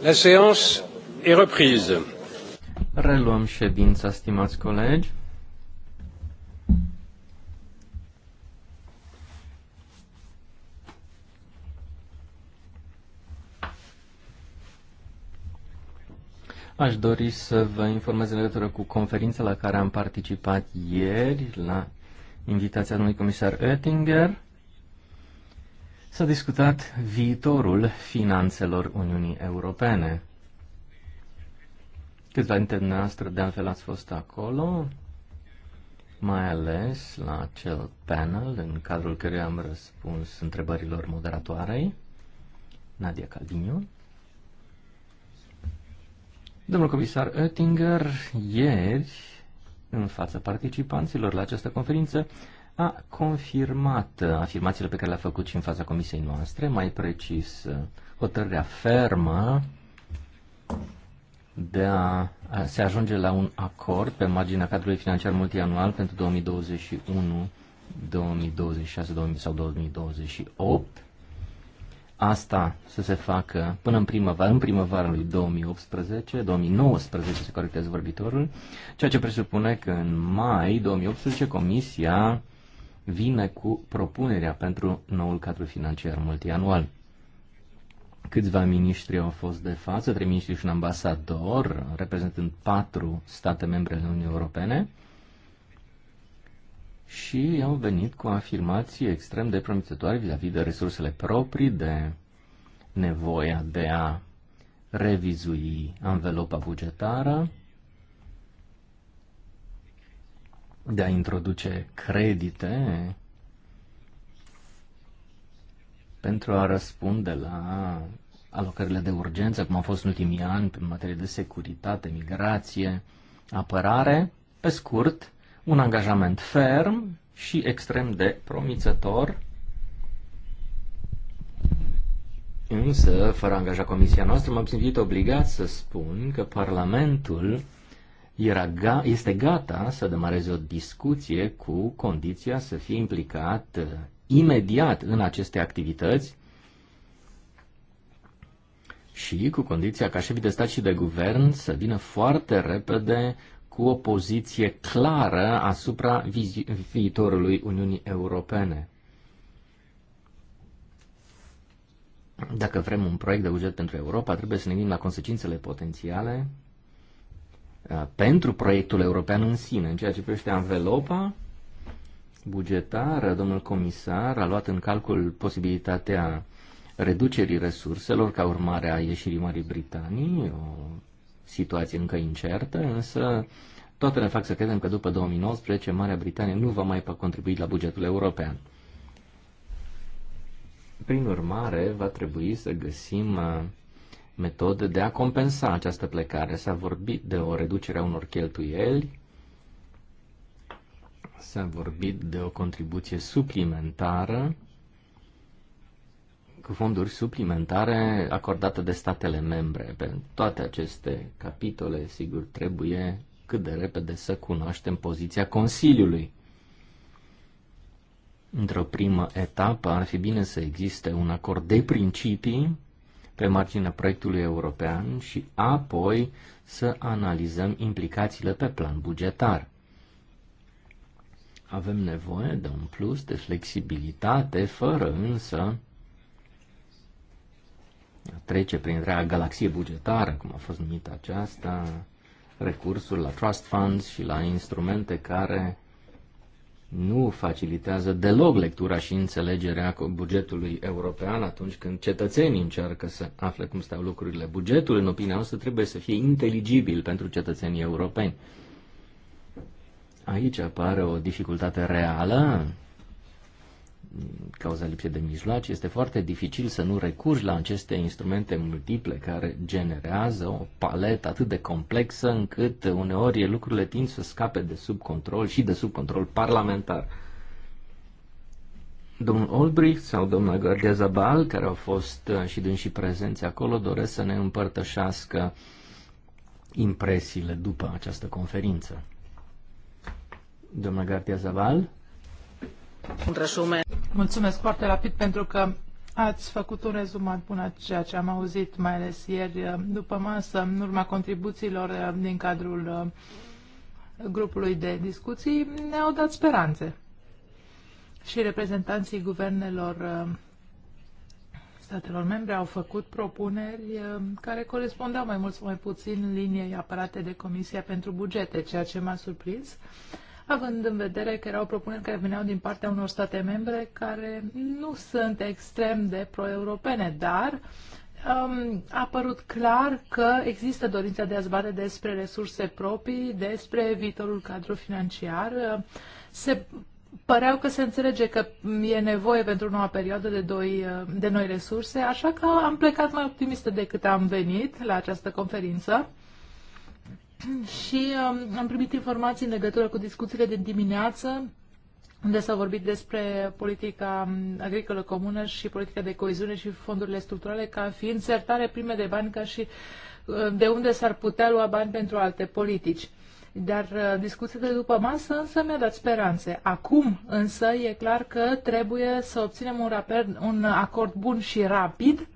La séance est reprise. Reluăm ședința, stimați colegi. Aș dori să vă informez în legătură cu conferința la care am participat ieri, la invitația domnului comisar Oettinger. S-a discutat viitorul finanțelor Uniunii Europene. Câțiva dintre dumneavoastră de altfel ați fost acolo, mai ales la acel panel în cadrul căruia am răspuns întrebărilor moderatoarei, Nadia Calviniu. Domnul comisar Oettinger, ieri, în fața participanților la această conferință, a confirmat afirmațiile pe care le-a făcut și în fața comisiei noastre, mai precis uh, hotărârea fermă de a, a se ajunge la un acord pe marginea cadrului financiar multianual pentru 2021, 2026 2000 sau 2028. Asta să se facă până în primăvară, în primăvară lui 2018, 2019 se corectează vorbitorul, ceea ce presupune că în mai 2018 Comisia vine cu propunerea pentru noul cadru financiar multianual. Câțiva miniștri au fost de față, trei miniștri și un ambasador, reprezentând patru state membre ale Uniunii Europene, și au venit cu afirmații extrem de promițătoare vis-a-vis de resursele proprii, de nevoia de a revizui anvelopa bugetară de a introduce credite pentru a răspunde la alocările de urgență, cum au fost în ultimii ani, în materie de securitate, migrație, apărare. Pe scurt, un angajament ferm și extrem de promițător, însă, fără a angaja comisia noastră, m-am simțit obligat să spun că Parlamentul era ga- este gata să demareze o discuție cu condiția să fie implicat uh, imediat în aceste activități și cu condiția ca șefii de stat și de guvern să vină foarte repede cu o poziție clară asupra viitorului Uniunii Europene. Dacă vrem un proiect de buget pentru Europa, trebuie să ne gândim la consecințele potențiale Uh, pentru proiectul european în sine. În ceea ce privește anvelopa bugetară, domnul comisar a luat în calcul posibilitatea reducerii resurselor ca urmare a ieșirii Marii Britanii, o situație încă incertă, însă toate ne fac să credem că după 2019 Marea Britanie nu va mai contribui la bugetul european. Prin urmare, va trebui să găsim uh, metodă de a compensa această plecare. S-a vorbit de o reducere a unor cheltuieli, s-a vorbit de o contribuție suplimentară cu fonduri suplimentare acordate de statele membre. Pe toate aceste capitole, sigur, trebuie cât de repede să cunoaștem poziția Consiliului. Într-o primă etapă ar fi bine să existe un acord de principii pe marginea proiectului european și apoi să analizăm implicațiile pe plan bugetar. Avem nevoie de un plus de flexibilitate, fără însă a trece prin rea galaxie bugetară, cum a fost numită aceasta, recursul la trust funds și la instrumente care nu facilitează deloc lectura și înțelegerea bugetului european atunci când cetățenii încearcă să afle cum stau lucrurile. Bugetul, în opinia noastră, trebuie să fie inteligibil pentru cetățenii europeni. Aici apare o dificultate reală cauza lipsei de mijloace, este foarte dificil să nu recurgi la aceste instrumente multiple care generează o paletă atât de complexă încât uneori lucrurile tind să scape de sub control și de sub control parlamentar. Domnul Olbricht sau domnul Gardia Zabal, care au fost uh, și dânsii prezenți acolo, doresc să ne împărtășească impresiile după această conferință. Domnul Gardia Zabal? Un resume. Mulțumesc foarte rapid pentru că ați făcut un rezumat bun a ceea ce am auzit, mai ales ieri după masă, în urma contribuțiilor eh, din cadrul eh, grupului de discuții, ne-au dat speranțe. Și reprezentanții guvernelor eh, statelor membre au făcut propuneri care corespundeau mai mult sau mai puțin liniei apărate de Comisia pentru Bugete, ceea ce m-a surprins având în vedere că erau propuneri care veneau din partea unor state membre care nu sunt extrem de pro-europene, dar um, a părut clar că există dorința de a zbate despre resurse proprii, despre viitorul cadru financiar. Se păreau că se înțelege că e nevoie pentru o nouă perioadă de, doi, de noi resurse, așa că am plecat mai optimistă decât am venit la această conferință. și um, am primit informații în legătură cu discuțiile de dimineață unde s-a vorbit despre politica um, agricolă comună și politica de coeziune și fondurile structurale ca fiind sertare prime de bani ca și uh, de unde s-ar putea lua bani pentru alte politici. Dar uh, discuția de după masă însă mi-a dat speranțe. Acum însă e clar că trebuie să obținem un, raper, un acord bun și rapid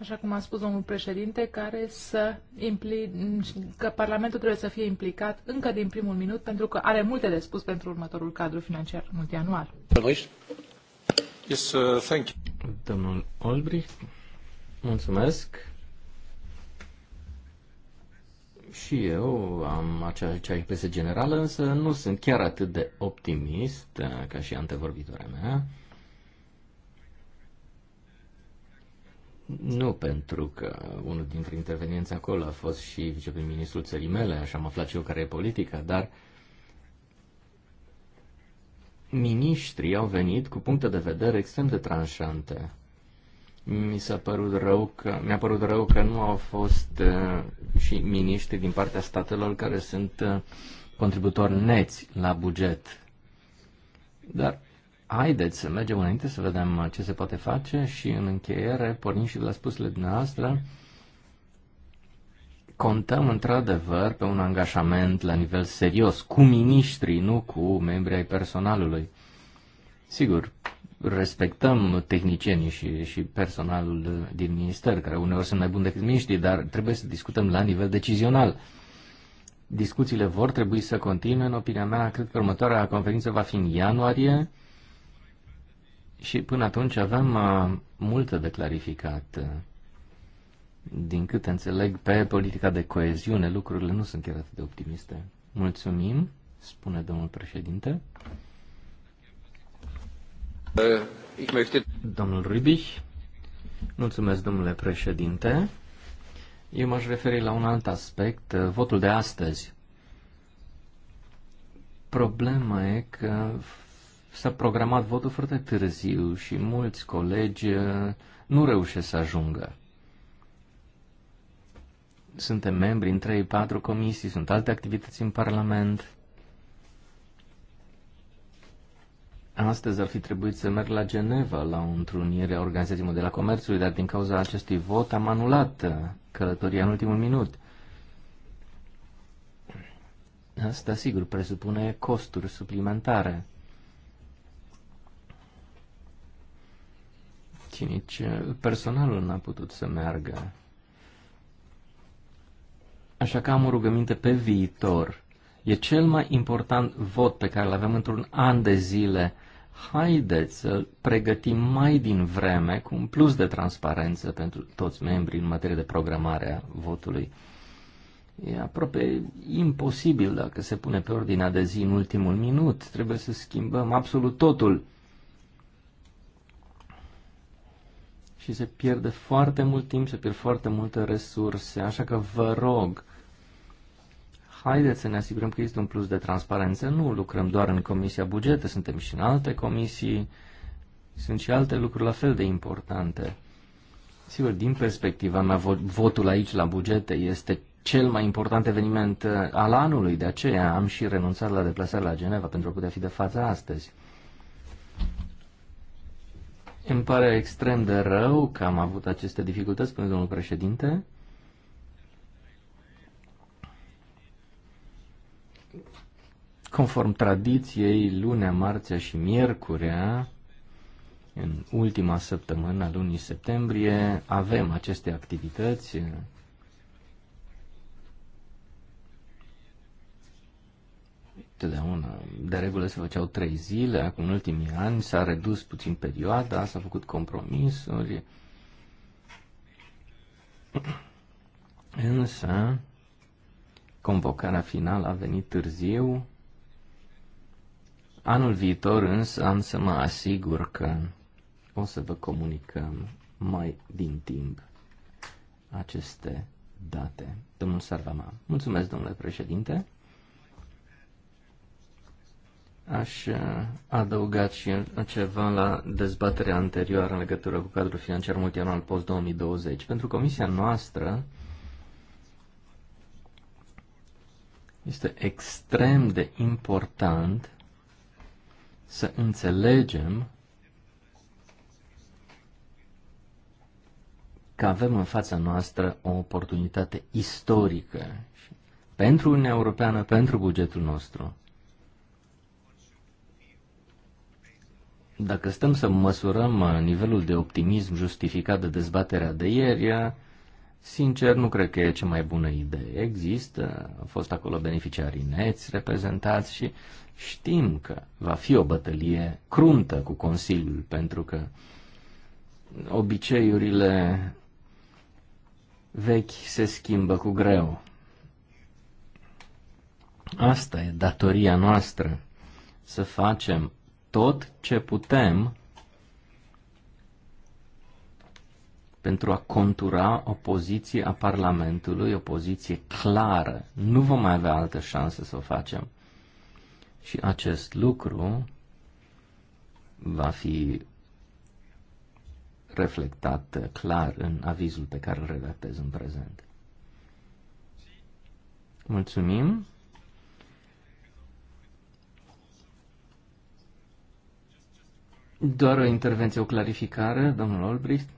așa cum a spus domnul președinte, care să impli... că Parlamentul trebuie să fie implicat încă din primul minut, pentru că are multe de spus pentru următorul cadru financiar multianual. Yes, uh, thank you. Domnul Olbrich, mulțumesc. Și eu am acea impresie generală, însă nu sunt chiar atât de optimist uh, ca și antevorbitoarea mea. Nu, pentru că unul dintre intervenienți acolo a fost și viceprim-ministrul țării mele, așa am aflat și eu care e politica, dar miniștrii au venit cu puncte de vedere extrem de tranșante. Mi s-a părut rău că, mi-a părut rău că nu au fost uh, și miniștri din partea statelor care sunt uh, contributori neți la buget. Dar Haideți să mergem înainte să vedem ce se poate face și în încheiere, pornim și de la spusele dumneavoastră, contăm într-adevăr pe un angajament la nivel serios, cu miniștrii, nu cu membrii ai personalului. Sigur, respectăm tehnicienii și, și personalul din minister, care uneori sunt mai buni decât miniștrii, dar trebuie să discutăm la nivel decizional. Discuțiile vor trebui să continue, în opinia mea, cred că următoarea conferință va fi în ianuarie, și până atunci aveam uh, multe de clarificat. Din câte înțeleg, pe politica de coeziune lucrurile nu sunt chiar atât de optimiste. Mulțumim, spune domnul președinte. Domnul Rubich, mulțumesc domnule președinte. Eu m-aș referi la un alt aspect, uh, votul de astăzi. Problema e că s-a programat votul foarte târziu și mulți colegi uh, nu reușesc să ajungă. Suntem membri în 3-4 comisii, sunt alte activități în Parlament. Astăzi ar fi trebuit să merg la Geneva la o întrunire a Organizației Mondiale a Comerțului, dar din cauza acestui vot am anulat uh, călătoria în ultimul minut. Asta, sigur, presupune costuri suplimentare. nici personalul n-a putut să meargă. Așa că am o rugăminte pe viitor. E cel mai important vot pe care îl avem într-un an de zile. Haideți să pregătim mai din vreme cu un plus de transparență pentru toți membrii în materie de programare a votului. E aproape imposibil dacă se pune pe ordinea de zi în ultimul minut. Trebuie să schimbăm absolut totul. și se pierde foarte mult timp, se pierd foarte multe resurse, așa că vă rog, haideți să ne asigurăm că există un plus de transparență. Nu lucrăm doar în Comisia Bugete, suntem și în alte comisii, sunt și alte lucruri la fel de importante. Sigur, din perspectiva mea, votul aici la bugete este cel mai important eveniment uh, al anului, de aceea am și renunțat la deplasarea la Geneva pentru a putea fi de față astăzi. Îmi pare extrem de rău că am avut aceste dificultăți, spune domnul președinte. Conform tradiției, lunea, marțea și miercurea, în ultima săptămână a lunii septembrie, avem aceste activități întotdeauna. De regulă se făceau trei zile, acum în ultimii ani s-a redus puțin perioada, s-a făcut compromisuri. Însă, convocarea finală a venit târziu. Anul viitor însă am să mă asigur că o să vă comunicăm mai din timp aceste date. Domnul Sarvama. Mulțumesc, domnule președinte. Aș uh, adăuga și uh, ceva la dezbaterea anterioară în legătură cu cadrul financiar multianual post-2020. Pentru comisia noastră este extrem de important să înțelegem că avem în fața noastră o oportunitate istorică pentru Uniunea Europeană, pentru bugetul nostru. Dacă stăm să măsurăm uh, nivelul de optimism justificat de dezbaterea de ieri, sincer nu cred că e cea mai bună idee. Există, au fost acolo beneficiarii neți reprezentați și știm că va fi o bătălie cruntă cu Consiliul, pentru că obiceiurile vechi se schimbă cu greu. Asta e datoria noastră, să facem tot ce putem pentru a contura o poziție a Parlamentului, o poziție clară. Nu vom mai avea altă șansă să o facem. Și acest lucru va fi reflectat clar în avizul pe care îl redactez în prezent. Mulțumim. Doar o intervenție, o clarificare, domnul Olbricht.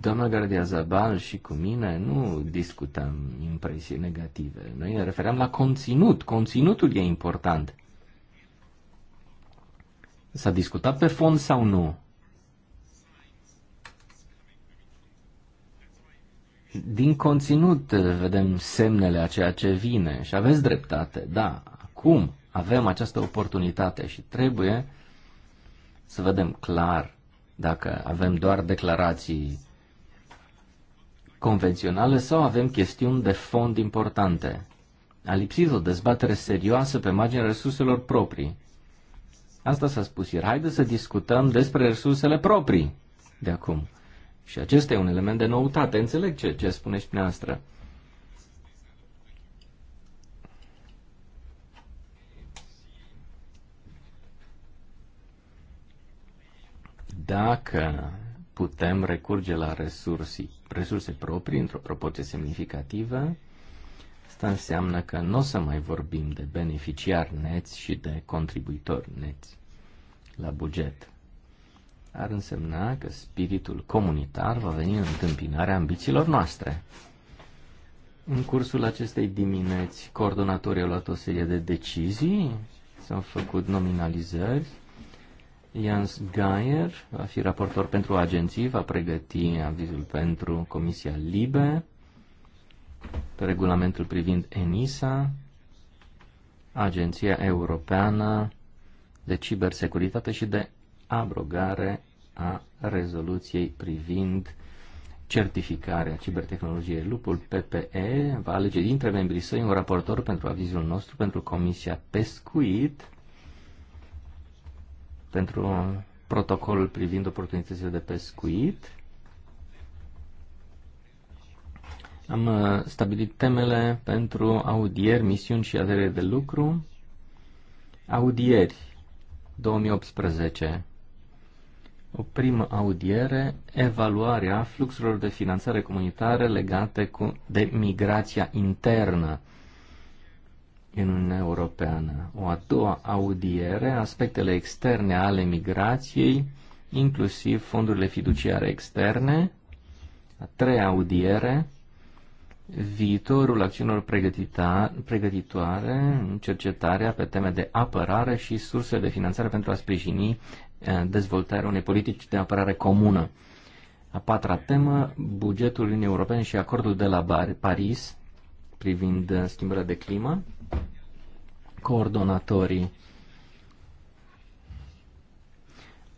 Doamna Gardia Zabal și cu mine nu discutăm impresii negative. Noi ne referăm la conținut. Conținutul e important. S-a discutat pe fond sau nu? Din conținut vedem semnele a ceea ce vine și aveți dreptate, da. Acum, avem această oportunitate și trebuie să vedem clar dacă avem doar declarații convenționale sau avem chestiuni de fond importante. A lipsit o dezbatere serioasă pe marginea resurselor proprii. Asta s-a spus ieri. Haideți să discutăm despre resursele proprii de acum. Și acesta e un element de noutate. Înțeleg ce, ce spuneți dumneavoastră. Dacă putem recurge la resursi, resurse proprii într-o proporție semnificativă, asta înseamnă că nu o să mai vorbim de beneficiari neți și de contribuitori neți la buget. Ar însemna că spiritul comunitar va veni în întâmpinarea ambițiilor noastre. În cursul acestei dimineți, coordonatorii au luat o serie de decizii, s-au făcut nominalizări, Jans Geier va fi raportor pentru agenții, va pregăti avizul pentru Comisia Libe, pe regulamentul privind ENISA, Agenția Europeană de Cibersecuritate și de abrogare a rezoluției privind certificarea cibertehnologiei lupul PPE va alege dintre membrii săi un raportor pentru avizul nostru pentru Comisia Pescuit, pentru protocolul privind oportunitățile de pescuit. Am uh, stabilit temele pentru audieri, misiuni și adere de lucru. Audieri 2018. O primă audiere, evaluarea fluxurilor de finanțare comunitare legate cu, de migrația internă în Uniunea Europeană. O a doua audiere, aspectele externe ale migrației, inclusiv fondurile fiduciare externe. A treia audiere, viitorul acțiunilor pregătitoare, cercetarea pe teme de apărare și surse de finanțare pentru a sprijini eh, dezvoltarea unei politici de apărare comună. A patra temă, bugetul Uniunii Europene și acordul de la Paris privind eh, schimbarea de climă coordonatorii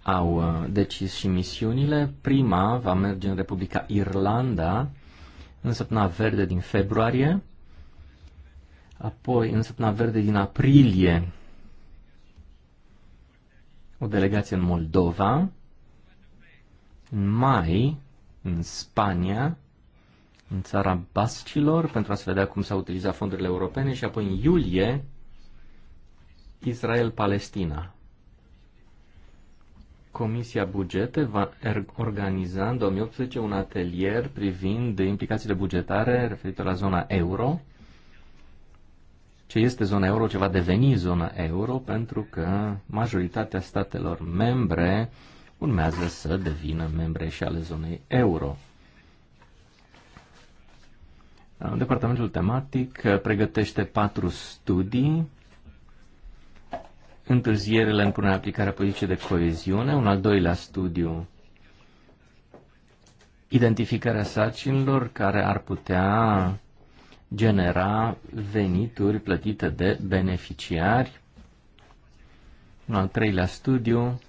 au uh, decis și misiunile. Prima va merge în Republica Irlanda în săptămâna verde din februarie, apoi în săptămâna verde din aprilie o delegație în Moldova, în mai în Spania, în țara Bascilor, pentru a se vedea cum s-au utilizat fondurile europene și apoi în iulie Israel-Palestina. Comisia Bugete va organiza în 2018 un atelier privind implicațiile bugetare referitor la zona euro, ce este zona euro, ce va deveni zona euro, pentru că majoritatea statelor membre urmează să devină membre și ale zonei euro. Departamentul tematic pregătește patru studii întârzierile în punerea aplicarea politicii de coeziune, un al doilea studiu, identificarea sarcinilor care ar putea genera venituri plătite de beneficiari, un al treilea studiu,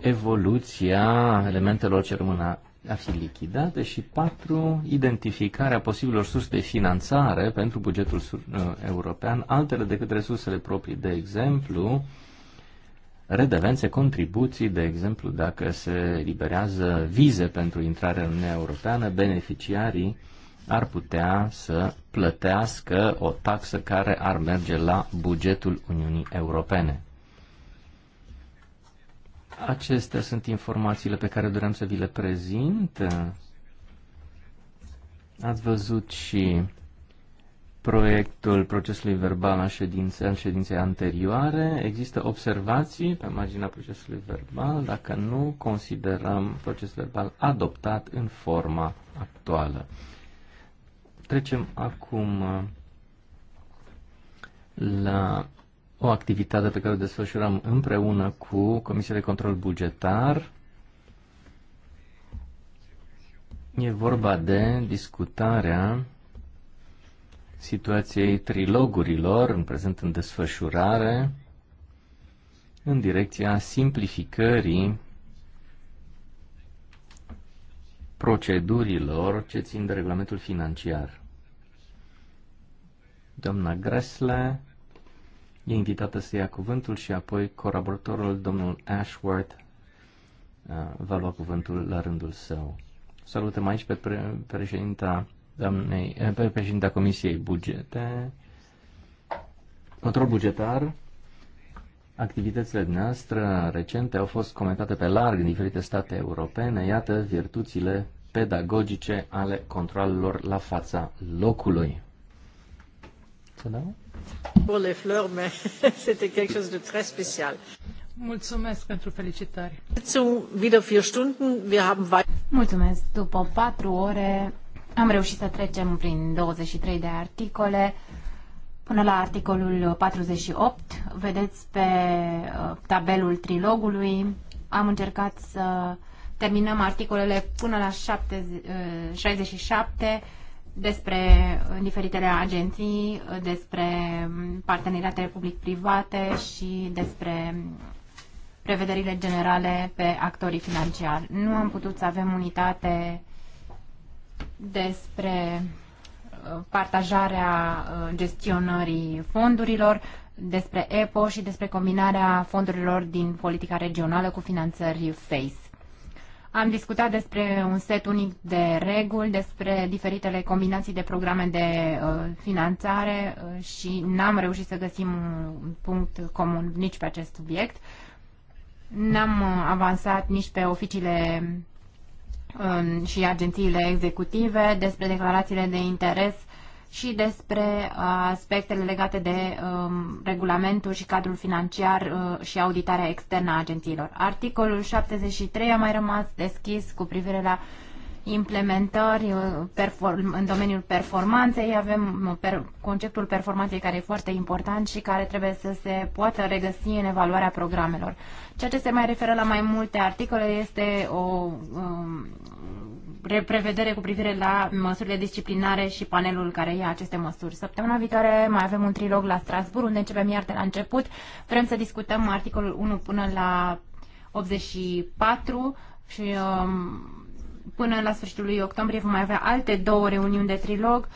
evoluția elementelor ce rămân ar fi lichidate și patru Identificarea posibilor surse de finanțare pentru bugetul uh, european, altele decât resursele proprii, de exemplu, redevențe, contribuții, de exemplu, dacă se liberează vize pentru intrarea în Uniunea Europeană, beneficiarii ar putea să plătească o taxă care ar merge la bugetul Uniunii Europene. Acestea sunt informațiile pe care doream să vi le prezint. Ați văzut și proiectul procesului verbal în, ședințe, în ședinței anterioare. Există observații pe marginea procesului verbal dacă nu considerăm procesul verbal adoptat în forma actuală. Trecem acum uh, la o activitate pe care o desfășurăm împreună cu Comisia de Control Bugetar. E vorba de discutarea situației trilogurilor în prezent în desfășurare în direcția simplificării procedurilor ce țin de regulamentul financiar. Doamna Gresle e invitată să ia cuvântul și apoi colaboratorul, domnul Ashworth, uh, va lua cuvântul la rândul său. Salutăm aici pe președinta, doamnei, eh, pe președinta Comisiei Bugete, control bugetar, Activitățile noastre recente au fost comentate pe larg în diferite state europene. Iată virtuțile pedagogice ale controlelor la fața locului. Să dau? Pour les de Mulțumesc pentru felicitări. Mulțumesc. După patru ore am reușit să trecem prin 23 de articole până la articolul 48. Vedeți pe uh, tabelul trilogului. Am încercat să terminăm articolele până la uh, și 67 despre diferitele agenții, despre parteneriatele public-private și despre prevederile generale pe actorii financiari. Nu am putut să avem unitate despre uh, partajarea uh, gestionării fondurilor, despre EPO și despre combinarea fondurilor din politica regională cu finanțări FACE. Am discutat despre un set unic de reguli, despre diferitele combinații de programe de uh, finanțare uh, și n-am reușit să găsim un punct comun nici pe acest subiect. N-am uh, avansat nici pe oficiile uh, și agențiile executive, despre declarațiile de interes uh, și despre uh, aspectele legate de um, regulamentul și cadrul financiar uh, și auditarea externă a agențiilor. Articolul 73 a mai rămas deschis cu privire la implementări uh, în domeniul performanței. Avem uh, per conceptul performanței care e foarte important și care trebuie să se poată regăsi în evaluarea programelor. Ceea ce se mai referă la mai multe articole este o um, prevedere cu privire la măsurile disciplinare și panelul care ia aceste măsuri. Săptămâna viitoare mai avem un trilog la Strasbourg, unde începem iar de la început. Vrem să discutăm articolul 1 până la 84 și um, până la sfârșitul lui octombrie vom mai avea alte două reuniuni de trilog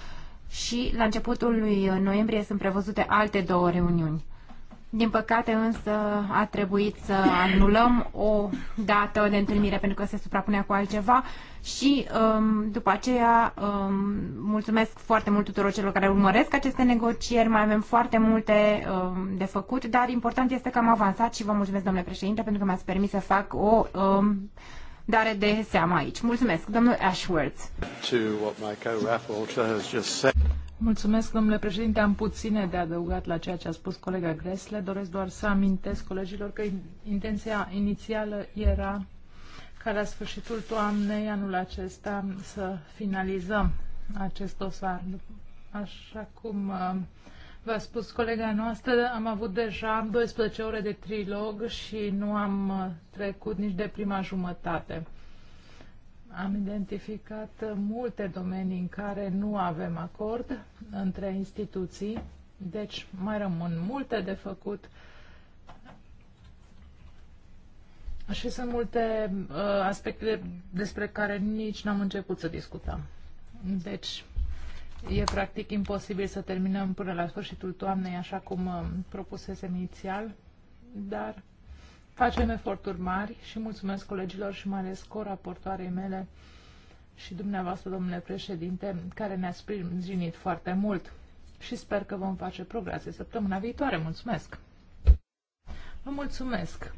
și la începutul lui noiembrie sunt prevăzute alte două reuniuni. Din păcate însă a trebuit să anulăm o dată de întâlnire pentru că se suprapunea cu altceva și um, după aceea um, mulțumesc foarte mult tuturor celor care urmăresc aceste negocieri, mai avem foarte multe um, de făcut, dar important este că am avansat și vă mulțumesc, domnule președinte, pentru că mi-ați permis să fac o um, dare de seamă aici. Mulțumesc, domnul Ashworth. Mulțumesc, domnule președinte. Am puține de adăugat la ceea ce a spus colega Gresle. Doresc doar să amintesc colegilor că intenția inițială era ca la sfârșitul toamnei anul acesta să finalizăm acest dosar. Așa cum uh, v-a spus colega noastră, am avut deja 12 ore de trilog și nu am uh, trecut nici de prima jumătate. Am identificat multe domenii în care nu avem acord între instituții, deci mai rămân multe de făcut și sunt multe uh, aspecte despre care nici n-am început să discutăm. Deci e practic imposibil să terminăm până la sfârșitul toamnei așa cum uh, propusesem inițial, dar Facem eforturi mari și mulțumesc colegilor și mai ales coraportoarei mele și dumneavoastră, domnule președinte, care ne-a sprijinit foarte mult și sper că vom face progrese săptămâna viitoare. Mulțumesc! Vă mulțumesc!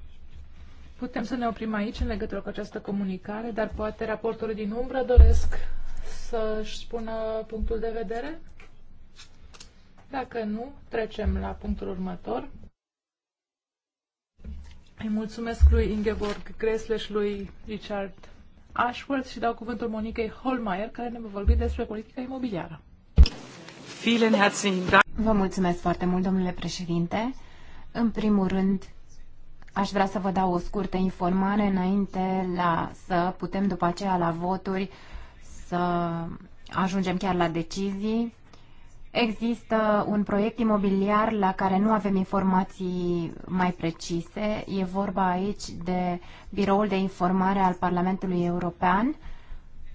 Putem să ne oprim aici în legătură cu această comunicare, dar poate raportorii din umbră doresc să-și spună punctul de vedere? Dacă nu, trecem la punctul următor. Îi mulțumesc lui Ingeborg Gresle și lui Richard Ashworth și dau cuvântul Monicei Holmeier, care ne va vorbi despre politica imobiliară. Vă mulțumesc foarte mult, domnule președinte. În primul rând, aș vrea să vă dau o scurtă informare înainte la, să putem după aceea la voturi să ajungem chiar la decizii. Există un proiect imobiliar la care nu avem informații mai precise. E vorba aici de biroul de informare al Parlamentului European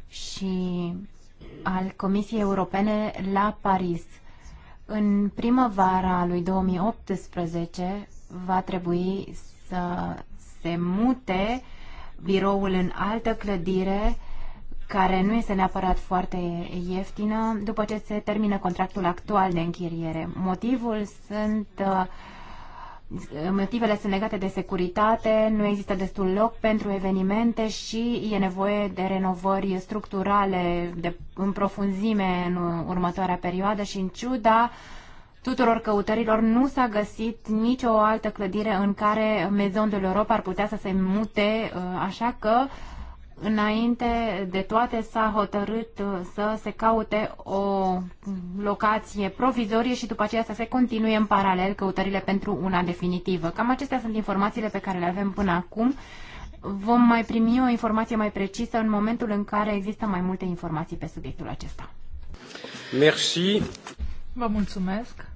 și al Comisiei Europene la Paris. În primăvara lui 2018 va trebui să se mute biroul în altă clădire care nu este neapărat foarte ieftină după ce se termină contractul actual de închiriere. Motivul sunt uh, motivele sunt legate de securitate, nu există destul loc pentru evenimente și e nevoie de renovări structurale de, în profunzime în următoarea perioadă și în ciuda tuturor căutărilor nu s-a găsit nicio altă clădire în care Maison de l'Europe ar putea să se mute, uh, așa că uh, Înainte de toate s-a hotărât uh, să se caute o locație provizorie și după aceea să se continue în paralel căutările pentru una definitivă. Cam acestea sunt informațiile pe care le avem până acum. Vom mai primi o informație mai precisă în momentul în care există mai multe informații pe subiectul acesta. Merci. Vă mulțumesc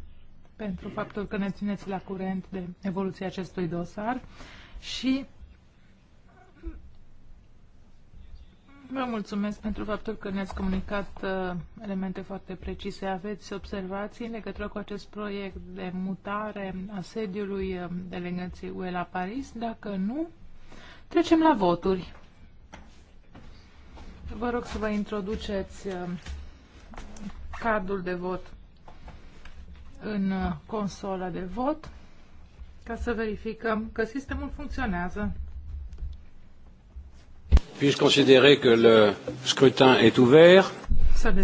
pentru faptul că ne țineți la curent de evoluția acestui dosar și Vă mulțumesc pentru faptul că ne-ați comunicat uh, elemente foarte precise. Aveți observații în legătură cu acest proiect de mutare a sediului uh, delegației UE la Paris? Dacă nu, trecem la voturi. Vă rog să vă introduceți uh, cardul de vot în uh, consola de vot ca să verificăm că sistemul funcționează. Puis-je considérer que le scrutin est ouvert 31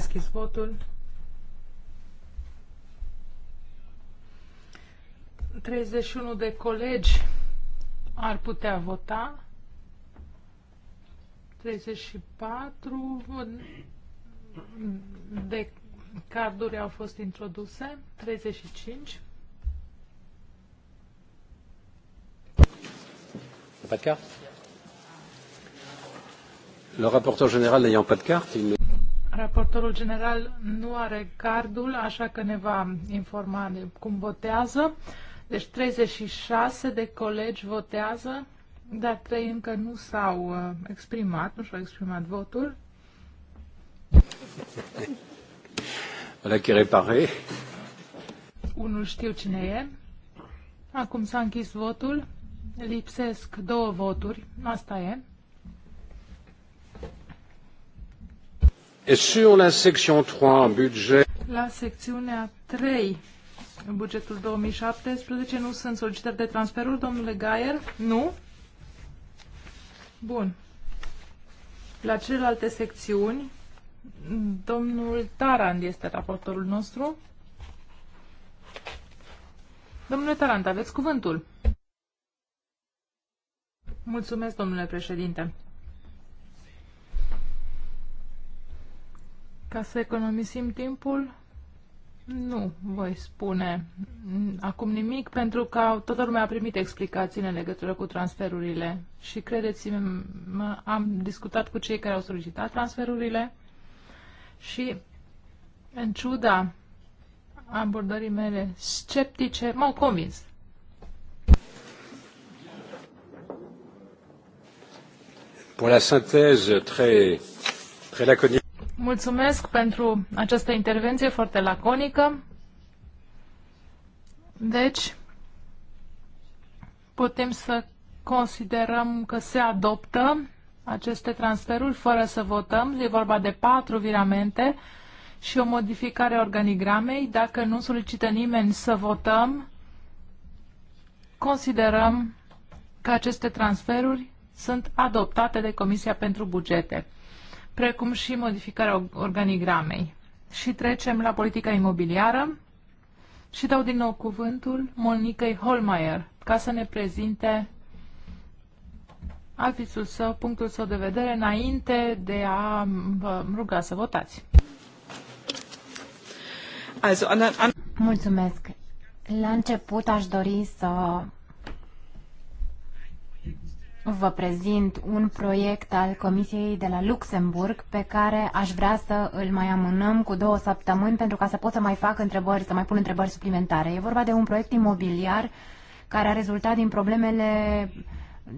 de colegi ar putea vota. 34 de carduri au fost introduse. 35. Pas de carte le rapporteur général n'ayant pas de carte, il... Raportorul general nu are cardul, așa că ne va informa de cum votează. Deci 36 de colegi votează, dar trei încă nu s-au uh, exprimat, nu și-au exprimat votul. La care repare. Unul știu cine e. Acum s-a închis votul. Lipsesc două voturi. Asta e. sur la section 3, budget... La secțiunea 3, bugetul 2017, nu sunt solicitări de transferuri, domnule Gaier? Nu? Bun. La celelalte secțiuni, domnul Tarand este raportorul nostru. Domnule Tarand, aveți cuvântul. Mulțumesc, domnule președinte. Ca să economisim timpul, nu voi spune acum nimic, pentru că toată lumea a primit explicații în legătură cu transferurile și credeți-mă, am discutat cu cei care au solicitat transferurile și în ciuda abordării mele sceptice, m-au convins. Pour la synthèse très, très laconique. Mulțumesc pentru această intervenție foarte laconică. Deci, putem să considerăm că se adoptă aceste transferuri fără să votăm. E vorba de patru viramente și o modificare organigramei. Dacă nu solicită nimeni să votăm, considerăm că aceste transferuri sunt adoptate de Comisia pentru Bugete precum și modificarea organigramei. Și trecem la politica imobiliară și dau din nou cuvântul Monicăi Holmeier ca să ne prezinte avisul său, punctul său de vedere înainte de a vă ruga să votați. Mulțumesc. La început aș dori să vă prezint un proiect al Comisiei de la Luxemburg pe care aș vrea să îl mai amânăm cu două săptămâni pentru ca să pot să mai fac întrebări, să mai pun întrebări suplimentare. E vorba de un proiect imobiliar care a rezultat din problemele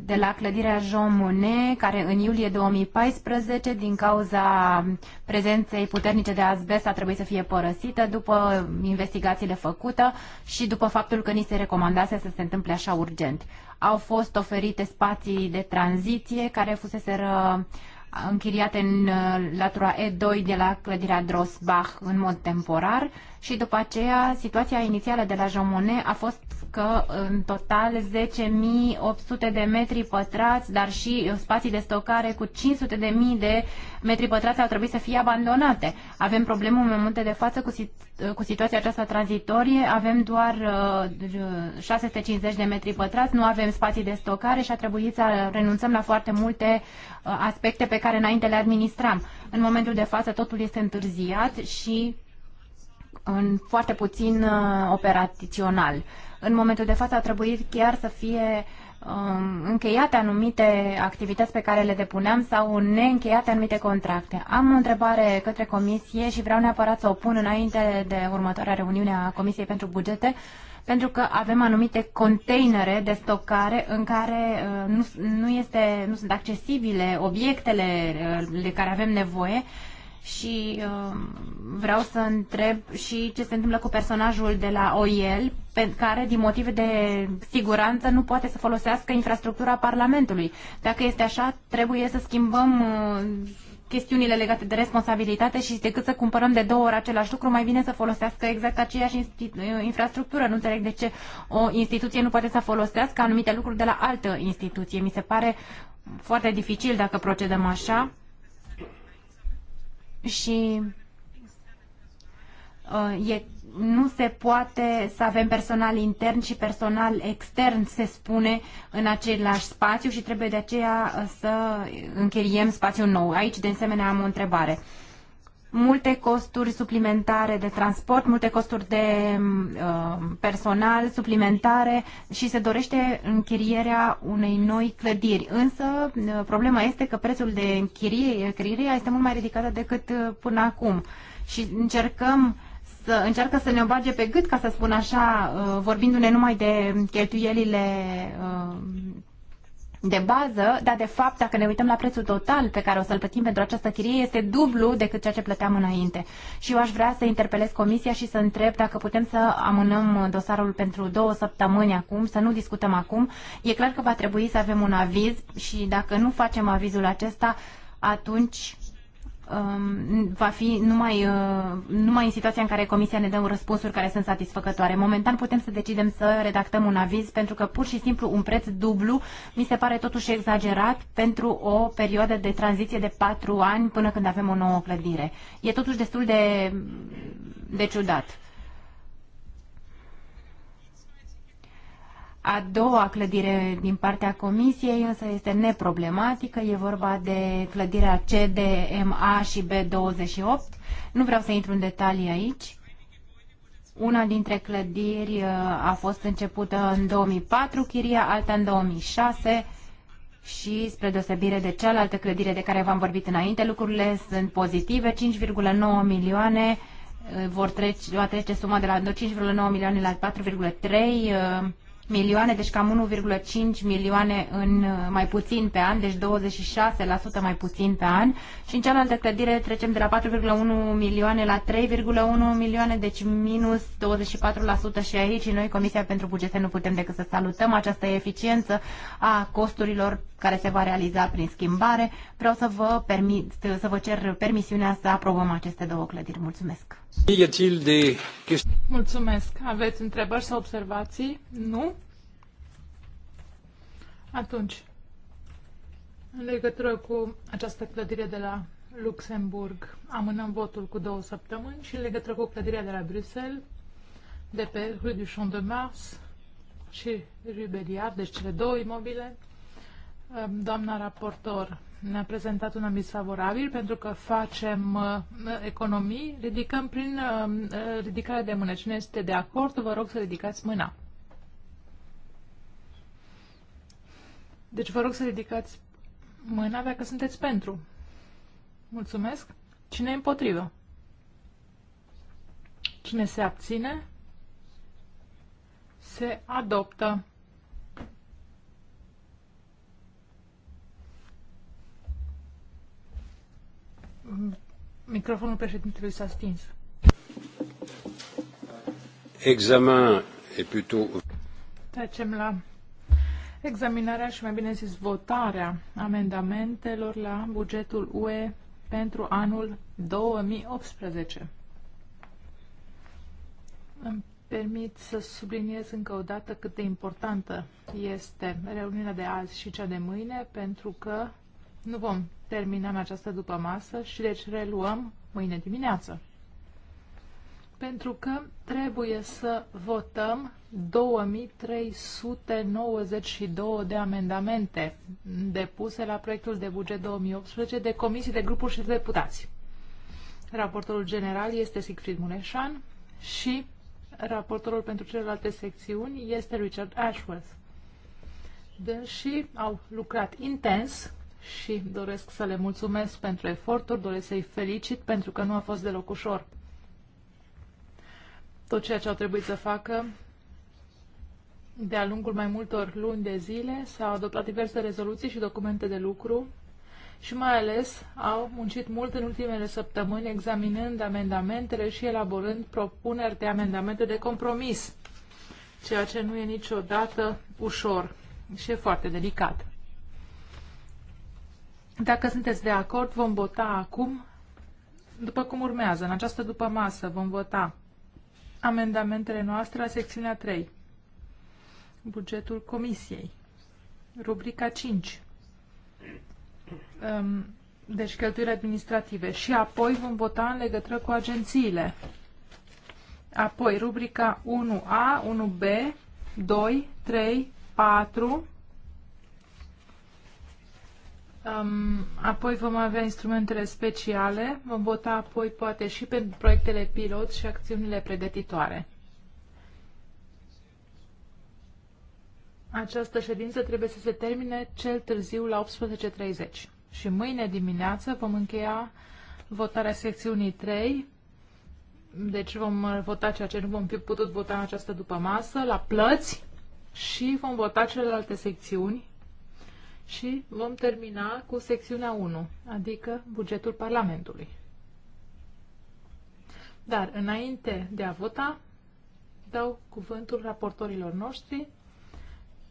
de la clădirea Jean Monnet, care în iulie 2014, din cauza prezenței puternice de azbest, a trebuit să fie părăsită după investigațiile făcute și după faptul că ni se recomandase să se întâmple așa urgent au fost oferite spații de tranziție care fusese uh, închiriate în uh, latura E2 de la clădirea Drosbach în mod temporar și după aceea situația inițială de la Jomone a fost că în total 10.800 de metri pătrați, dar și spații de stocare cu 500.000 de metri pătrați au trebuit să fie abandonate. Avem problemă în momentul de față cu, cu situația aceasta tranzitorie, avem doar uh, 650 de metri pătrați, nu avem spații de stocare și a trebuit să renunțăm la foarte multe uh, aspecte pe care înainte le administram. În momentul de față totul este întârziat și în foarte puțin uh, operațional. În momentul de față a trebuit chiar să fie um, încheiate anumite activități pe care le depuneam sau neîncheiate anumite contracte. Am o întrebare către comisie și vreau neapărat să o pun înainte de următoarea reuniune a Comisiei pentru Bugete, pentru că avem anumite containere de stocare în care uh, nu, nu, este, nu sunt accesibile obiectele uh, de care avem nevoie și uh, vreau să întreb și ce se întâmplă cu personajul de la OIL, pe care, din motive de siguranță, nu poate să folosească infrastructura Parlamentului. Dacă este așa, trebuie să schimbăm uh, chestiunile legate de responsabilitate și decât să cumpărăm de două ori același lucru, mai bine să folosească exact aceeași uh, infrastructură. Nu înțeleg de ce o instituție nu poate să folosească anumite lucruri de la altă instituție. Mi se pare foarte dificil dacă procedăm așa și uh, e, nu se poate să avem personal intern și personal extern, se spune, în același spațiu și trebuie de aceea uh, să încheriem spațiul nou. Aici, de asemenea, am o întrebare. Uh, multe costuri suplimentare de transport, multe costuri de mm, uh, personal suplimentare și se dorește închirierea unei noi clădiri. Însă uh, problema este că prețul de închirie este mult mai ridicat decât uh, până acum și încercăm să încearcă să ne bage pe gât, ca să spun așa, uh, vorbindu-ne numai de cheltuielile de bază, dar de fapt, dacă ne uităm la prețul total pe care o să-l plătim pentru această chirie, este dublu decât ceea ce plăteam înainte. Și eu aș vrea să interpelez comisia și să întreb dacă putem să amânăm dosarul pentru două săptămâni acum, să nu discutăm acum. E clar că va trebui să avem un aviz și dacă nu facem avizul acesta, atunci Um, va fi numai, uh, numai în situația în care Comisia ne dă un răspunsuri care sunt satisfăcătoare. Momentan putem să decidem să redactăm un aviz pentru că pur și simplu un preț dublu mi se pare totuși exagerat pentru o perioadă de tranziție de patru ani până când avem o nouă clădire. E totuși destul de, de ciudat. A doua clădire din partea comisiei însă este neproblematică, e vorba de clădirea CDMA și B28. Nu vreau să intru în detalii aici. Una dintre clădiri uh, a fost începută în 2004, chiria, alta în 2006 și spre deosebire de cealaltă clădire de care v-am vorbit înainte, lucrurile sunt pozitive, 5,9 milioane uh, vor trece, va trece suma de la 5,9 milioane la 4,3 milioane, deci cam 1,5 milioane în uh, mai puțin pe an, deci 26% mai puțin pe an. Și în cealaltă clădire trecem de la 4,1 milioane la 3,1 milioane, deci minus 24% și aici. Și noi, Comisia pentru Bugete, nu putem decât să salutăm această eficiență a costurilor care se va realiza prin schimbare. Vreau să vă, permit, să vă cer permisiunea să aprobăm aceste două clădiri. Mulțumesc! Mulțumesc. Aveți întrebări sau observații? Nu? Atunci, în legătură cu această clădire de la Luxemburg, amânăm votul cu două săptămâni și în legătură cu clădirea de la Bruxelles, de pe Rue du Champ de Mars și Rue Belliard, deci cele două imobile, doamna raportor ne-a prezentat un ambis favorabil pentru că facem uh, economii, ridicăm prin uh, uh, ridicarea de mână. Cine este de acord, vă rog să ridicați mâna. Deci vă rog să ridicați mâna dacă sunteți pentru. Mulțumesc. Cine e împotrivă? Cine se abține? Se adoptă. Microfonul președintelui s-a stins. Examen e plutôt... Trecem la examinarea și mai bine zis votarea amendamentelor la bugetul UE pentru anul 2018. Îmi permit să subliniez încă o dată cât de importantă este reuniunea de azi și cea de mâine, pentru că nu vom termina această după masă și deci reluăm mâine dimineață. Pentru că trebuie să votăm 2392 de amendamente depuse la proiectul de buget 2018 de comisii de grupuri și de deputați. Raportorul general este Siegfried Muneșan și raportorul pentru celelalte secțiuni este Richard Ashworth. Deși au lucrat intens și doresc să le mulțumesc pentru eforturi, doresc să-i felicit pentru că nu a fost deloc ușor. Tot ceea ce au trebuit să facă de-a lungul mai multor luni de zile s-au adoptat diverse rezoluții și documente de lucru și mai ales au muncit mult în ultimele săptămâni examinând amendamentele și elaborând propuneri de amendamente de compromis, ceea ce nu e niciodată ușor și e foarte delicat. Dacă sunteți de acord, vom vota acum, după cum urmează. În această după masă vom vota amendamentele noastre la secțiunea 3, bugetul comisiei, rubrica 5, ehm, deci cheltuieli administrative și apoi vom vota în legătură cu agențiile. Apoi rubrica 1A, 1B, 2, 3, 4, Um, apoi vom avea instrumentele speciale, vom vota apoi poate și pentru proiectele pilot și acțiunile pregătitoare. Această ședință trebuie să se termine cel târziu la 18.30 și mâine dimineață vom încheia votarea secțiunii 3, deci vom vota ceea ce nu vom fi putut vota în această după masă, la plăți și vom vota celelalte secțiuni și vom termina cu secțiunea 1, adică bugetul Parlamentului. Dar înainte de a vota, dau cuvântul raportorilor noștri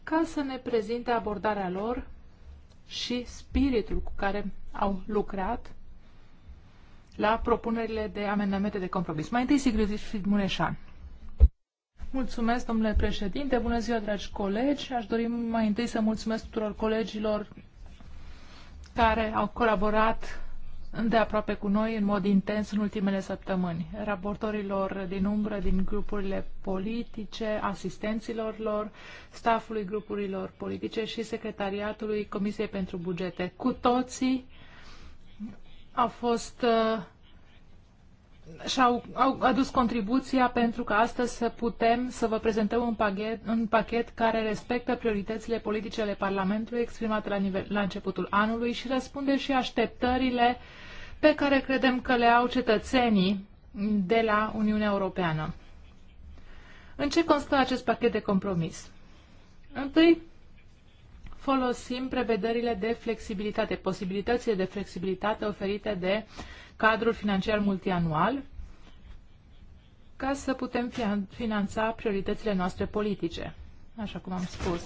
ca să ne prezinte abordarea lor și spiritul cu care au lucrat la propunerile de amendamente de compromis. Mai întâi Sigrid Mureșan. Mulțumesc, domnule președinte. Bună ziua, dragi colegi. Aș dori mai întâi să mulțumesc tuturor colegilor care au colaborat de aproape cu noi în mod intens în ultimele săptămâni. Raportorilor din umbră, din grupurile politice, asistenților lor, staffului grupurilor politice și secretariatului Comisiei pentru Bugete. Cu toții a fost uh, și-au au adus contribuția pentru că astăzi să putem să vă prezentăm un pachet, un pachet care respectă prioritățile politice ale Parlamentului exprimate la, nivel, la începutul anului și răspunde și așteptările pe care credem că le au cetățenii de la Uniunea Europeană. În ce constă acest pachet de compromis? Întâi, folosim prevederile de flexibilitate, posibilitățile de flexibilitate oferite de cadrul financiar multianual ca să putem finanța prioritățile noastre politice, așa cum am spus.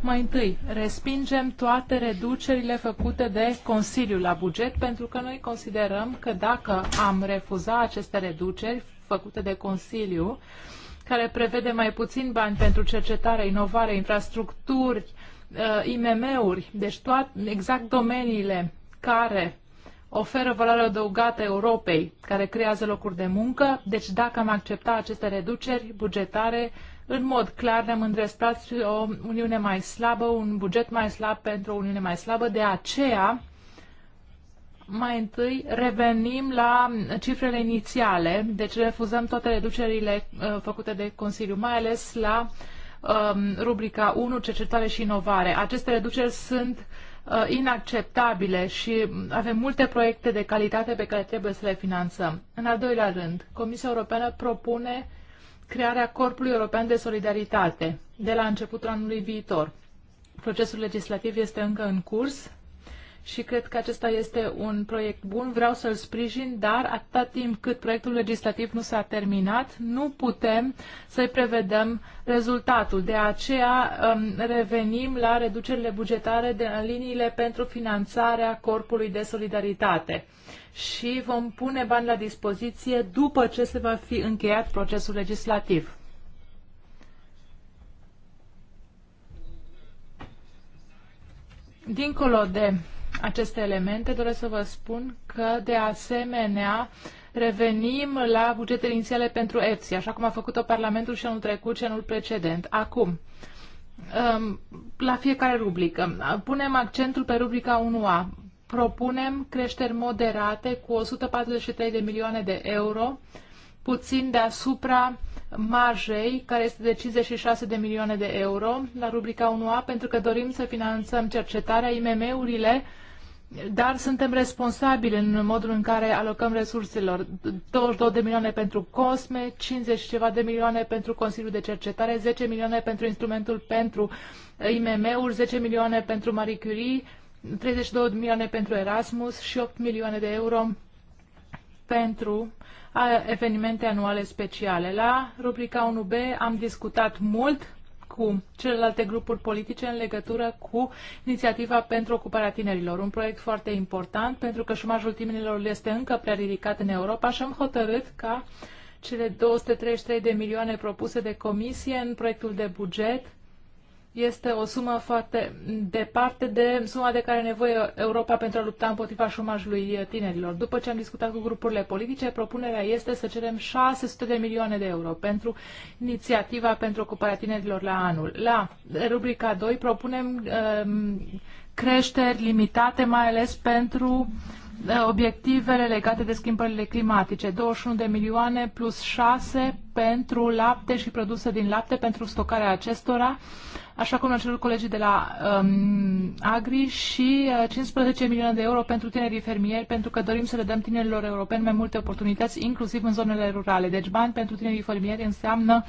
Mai întâi, respingem toate reducerile făcute de Consiliu la buget, pentru că noi considerăm că dacă am refuza aceste reduceri făcute de Consiliu, care prevede mai puțin bani pentru cercetare, inovare, infrastructuri, uh, IMM-uri, deci toate, exact domeniile care oferă valoare adăugată Europei, care creează locuri de muncă. Deci dacă am accepta aceste reduceri bugetare, în mod clar ne-am îndreptat o Uniune mai slabă, un buget mai slab pentru o Uniune mai slabă. De aceea, mai întâi revenim la cifrele inițiale, deci refuzăm toate reducerile uh, făcute de Consiliu, mai ales la uh, Um, rubrica 1, cercetare și inovare. Aceste reduceri sunt uh, inacceptabile și avem multe proiecte de calitate pe care trebuie să le finanțăm. În al doilea rând, Comisia Europeană propune crearea Corpului European de Solidaritate de la începutul anului viitor. Procesul legislativ este încă în curs și cred că acesta este un proiect bun, vreau să-l sprijin, dar atâta timp cât proiectul legislativ nu s-a terminat, nu putem să-i prevedem rezultatul. De aceea um, revenim la reducerile bugetare de în liniile pentru finanțarea Corpului de Solidaritate și vom pune bani la dispoziție după ce se va fi încheiat procesul legislativ. Dincolo de aceste elemente, doresc să vă spun că, de asemenea, revenim la bugetele inițiale pentru EFSI, așa cum a făcut-o Parlamentul și anul trecut și anul precedent. Acum, um, la fiecare rubrică, punem accentul pe rubrica 1A. Propunem creșteri moderate cu 143 de milioane de euro, puțin deasupra marjei, care este de 56 de milioane de euro, la rubrica 1A, pentru că dorim să finanțăm cercetarea IMM-urile dar suntem responsabili în modul în care alocăm resurselor. 22 de milioane pentru COSME, 50 ceva de milioane pentru Consiliul de Cercetare, 10 milioane pentru instrumentul pentru IMM-uri, 10 milioane pentru Marie Curie, 32 de milioane pentru Erasmus și 8 milioane de euro pentru evenimente anuale speciale. La rubrica 1B am discutat mult cu celelalte grupuri politice în legătură cu inițiativa pentru ocuparea tinerilor. Un proiect foarte important pentru că șumajul tinerilor este încă prea ridicat în Europa și am hotărât ca cele 233 de milioane propuse de comisie în proiectul de buget este o sumă foarte departe de suma de care are nevoie Europa pentru a lupta împotriva șomajului tinerilor. După ce am discutat cu grupurile politice, propunerea este să cerem 600 de milioane de euro pentru inițiativa pentru ocuparea tinerilor la anul. La rubrica 2 propunem um, creșteri limitate, mai ales pentru uh, da, obiectivele legate de schimbările climatice, 21 de milioane plus 6 pentru lapte și produse din lapte, pentru stocarea acestora, așa cum au cerut colegii de la um, Agri și 15 uh, milioane de euro pentru tinerii fermieri, pentru că dorim să le dăm tinerilor europeni mai multe oportunități, inclusiv în zonele rurale. Deci bani pentru tinerii fermieri înseamnă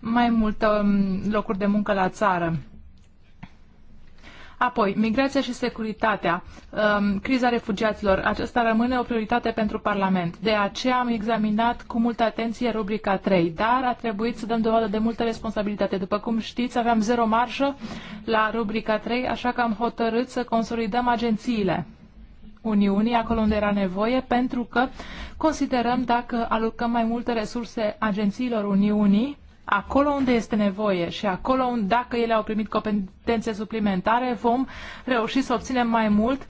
mai multe um, locuri de muncă la țară. Apoi, migrația și securitatea, um, criza refugiaților, aceasta rămâne o prioritate pentru Parlament. De aceea am examinat cu multă atenție rubrica 3, dar a trebuit să dăm dovadă de multă responsabilitate. După cum știți, aveam zero marjă la rubrica 3, așa că am hotărât să consolidăm agențiile. Uniunii, acolo unde era nevoie, pentru că considerăm dacă alocăm mai multe resurse agențiilor Uniunii, acolo unde este nevoie și acolo unde, dacă ele au primit competențe suplimentare, vom reuși să obținem mai mult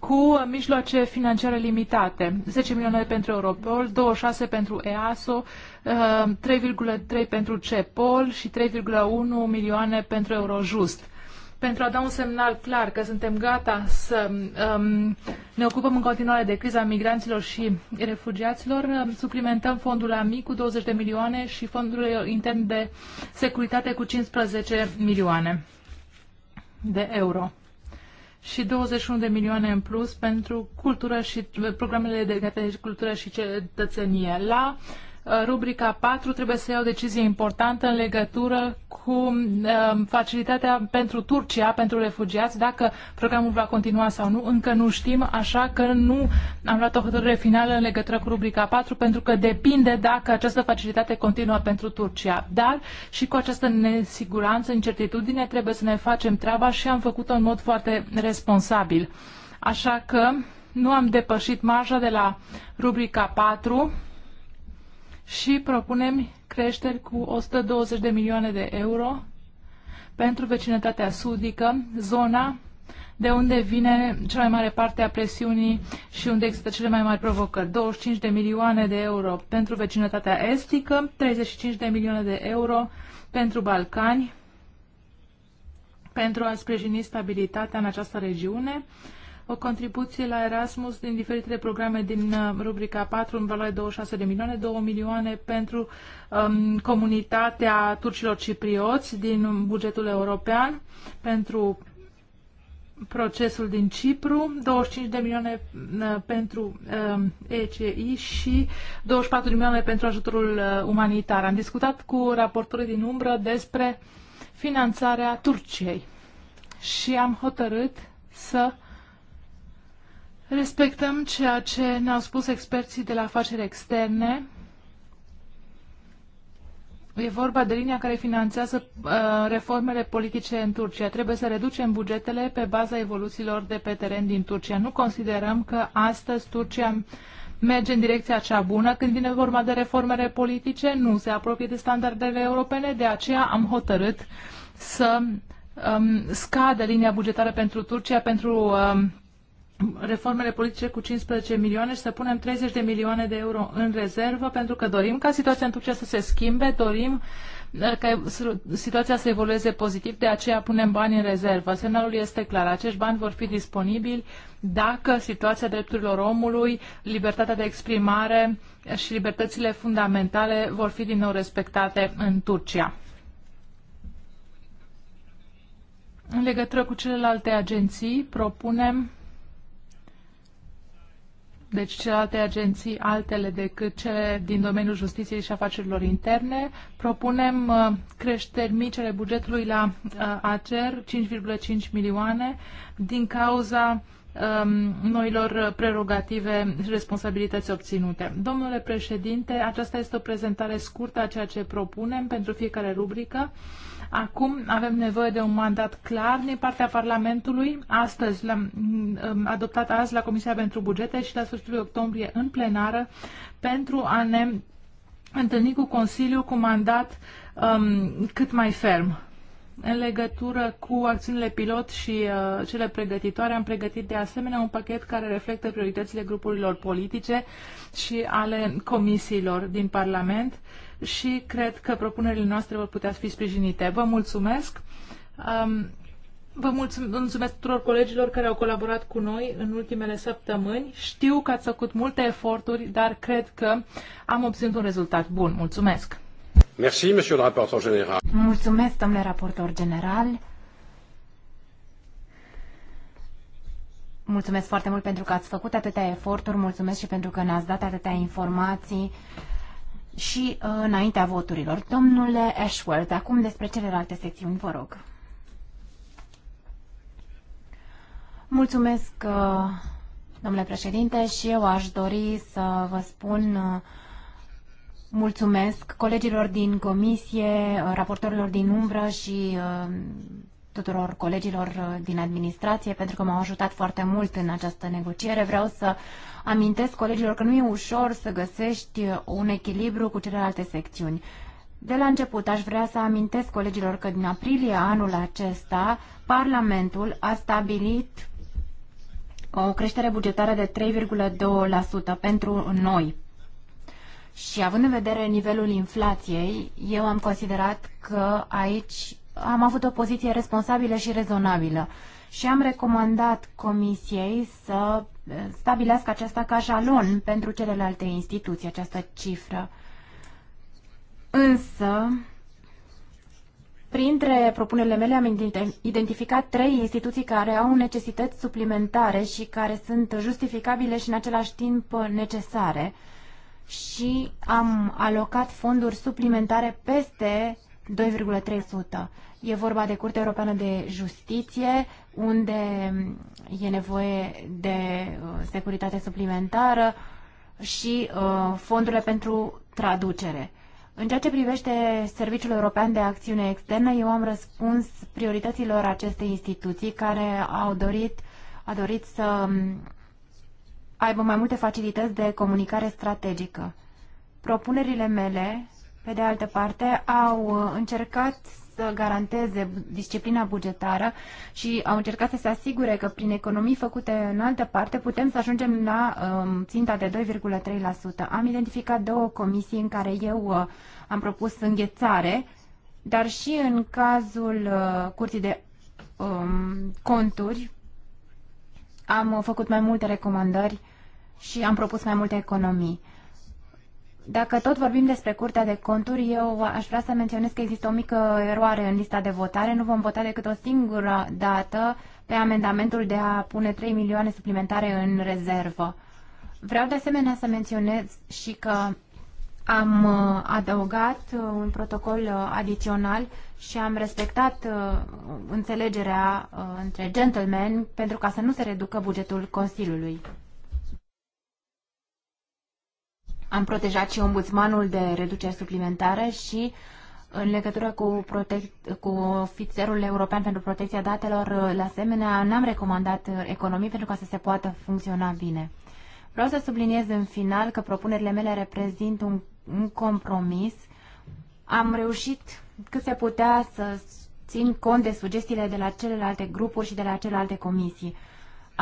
cu mijloace financiare limitate. 10 milioane pentru Europol, 26 pentru EASO, 3,3 uh, pentru CEPOL și 3,1 milioane pentru Eurojust pentru a da un semnal clar că suntem gata să um, ne ocupăm în continuare de criza migranților și refugiaților, suplimentăm fondul AMI cu 20 de milioane și fondul intern de securitate cu 15 milioane de euro și 21 de milioane în plus pentru cultură și programele de, de cultură și cetățenie. La uh, Uh, rubrica 4 trebuie să ia o decizie importantă în legătură cu um, facilitatea pentru Turcia, pentru refugiați, dacă programul va continua sau nu. Încă nu știm, așa că nu am luat o hotărâre finală în legătură cu rubrica 4, pentru că depinde dacă această facilitate continuă pentru Turcia. Dar și cu această nesiguranță, incertitudine, trebuie să ne facem treaba și am făcut-o în mod foarte responsabil. Așa că nu am depășit marja de la rubrica 4 și propunem creșteri cu 120 de milioane de euro pentru vecinătatea sudică, zona de unde vine cea mai mare parte a presiunii și unde există cele mai mari provocări. 25 de milioane de euro pentru vecinătatea estică, 35 de milioane de euro pentru Balcani, pentru a sprijini stabilitatea în această regiune o contribuție la Erasmus din diferitele programe din uh, rubrica 4 în valoare 26 de milioane, 2 milioane pentru um, comunitatea turcilor ciprioți din bugetul european pentru procesul din Cipru, 25 de milioane uh, pentru um, ECI și 24 de milioane pentru ajutorul uh, umanitar. Am discutat cu raportorii din umbră despre finanțarea Turciei și am hotărât să Respectăm ceea ce ne-au spus experții de la afaceri externe. E vorba de linia care finanțează uh, reformele politice în Turcia. Trebuie să reducem bugetele pe baza evoluțiilor de pe teren din Turcia. Nu considerăm că astăzi Turcia merge în direcția cea bună când vine vorba de reformele politice, nu se apropie de standardele europene, de aceea am hotărât să um, scadă linia bugetară pentru Turcia pentru um, reformele politice cu 15 milioane și să punem 30 de milioane de euro în rezervă pentru că dorim ca situația în Turcia să se schimbe, dorim uh, ca situația să evolueze pozitiv, de aceea punem bani în rezervă. Semnalul este clar, acești bani vor fi disponibili dacă situația drepturilor omului, libertatea de exprimare și libertățile fundamentale vor fi din nou respectate în Turcia. În legătură cu celelalte agenții, propunem deci celelalte agenții, altele decât cele din domeniul justiției și afacerilor interne. Propunem uh, creșteri mici ale bugetului la uh, ACER, 5,5 milioane, din cauza um, noilor prerogative și responsabilități obținute. Domnule președinte, aceasta este o prezentare scurtă a ceea ce propunem pentru fiecare rubrică. Acum avem nevoie de un mandat clar din partea Parlamentului. Astăzi l-am mm, adoptat azi la Comisia pentru Bugete și la sfârșitul octombrie în plenară pentru a ne întâlni cu Consiliul cu mandat um, cât mai ferm. În legătură cu acțiunile pilot și uh, cele pregătitoare, am pregătit de asemenea un pachet care reflectă prioritățile grupurilor politice și ale comisiilor din Parlament. Uh, și cred că propunerile noastre vor putea fi sprijinite. Vă mulțumesc! Um, Vă mulțumesc tuturor colegilor care au colaborat cu noi în ultimele săptămâni. Știu că ați făcut multe eforturi, dar cred că am obținut un rezultat bun. Mulțumesc! Merci, monsieur le rapporteur general. Mulțumesc, domnule raportor general. Mulțumesc foarte mult pentru că ați făcut atâtea eforturi, mulțumesc și pentru că ne-ați dat atâtea informații și uh, înaintea voturilor. Domnule Ashworth, acum despre celelalte secțiuni, vă rog. Mulțumesc, uh, domnule președinte, și eu aș dori să vă spun uh, mulțumesc colegilor din comisie, uh, raportorilor din umbră și uh, tuturor colegilor uh, din administrație pentru că m-au ajutat foarte mult în această negociere. Vreau să amintesc colegilor că nu e ușor să găsești uh, un echilibru cu celelalte secțiuni. De la început aș vrea să amintesc colegilor că din aprilie anul acesta Parlamentul a stabilit o creștere bugetară de 3,2% pentru noi. Și având în vedere nivelul inflației, eu am considerat că aici am avut o poziție responsabilă și rezonabilă și am recomandat Comisiei să eh, stabilească aceasta ca jalon pentru celelalte instituții, această cifră. Însă, Printre propunerile mele am identificat trei instituții care au necesități suplimentare și care sunt justificabile și în același timp necesare și am alocat fonduri suplimentare peste 2,3%. E vorba de Curtea Europeană de Justiție, unde e nevoie de uh, securitate suplimentară și uh, fondurile pentru traducere. În ceea ce privește Serviciul European de Acțiune Externă, eu am răspuns priorităților acestei instituții care au dorit, a dorit să um, aibă mai multe facilități de comunicare strategică. Propunerile mele pe de altă parte, au uh, încercat să garanteze disciplina bugetară și au încercat să se asigure că prin economii făcute în altă parte putem să ajungem la um, ținta de 2,3%. Am identificat două comisii în care eu uh, am propus înghețare, dar și în cazul uh, curții de um, conturi am făcut mai multe recomandări și am propus mai multe economii. Dacă tot vorbim despre Curtea de Conturi, eu aș vrea să menționez că există o mică eroare în lista de votare. Nu vom vota decât o singură dată pe amendamentul de a pune 3 milioane suplimentare în rezervă. Vreau de asemenea să menționez și că am uh, adăugat uh, un protocol uh, adițional și am respectat înțelegerea între gentlemen pentru ca să nu se reducă bugetul Consiliului. Am protejat și ombudsmanul de reduceri suplimentare și în legătură cu, protec- cu ofițerul european pentru protecția datelor, la asemenea, n-am recomandat economii pentru ca să se poată funcționa bine. Vreau să subliniez în final că propunerile mele reprezintă un, un compromis. Am reușit cât se putea să țin cont de sugestiile de la celelalte grupuri și de la celelalte comisii.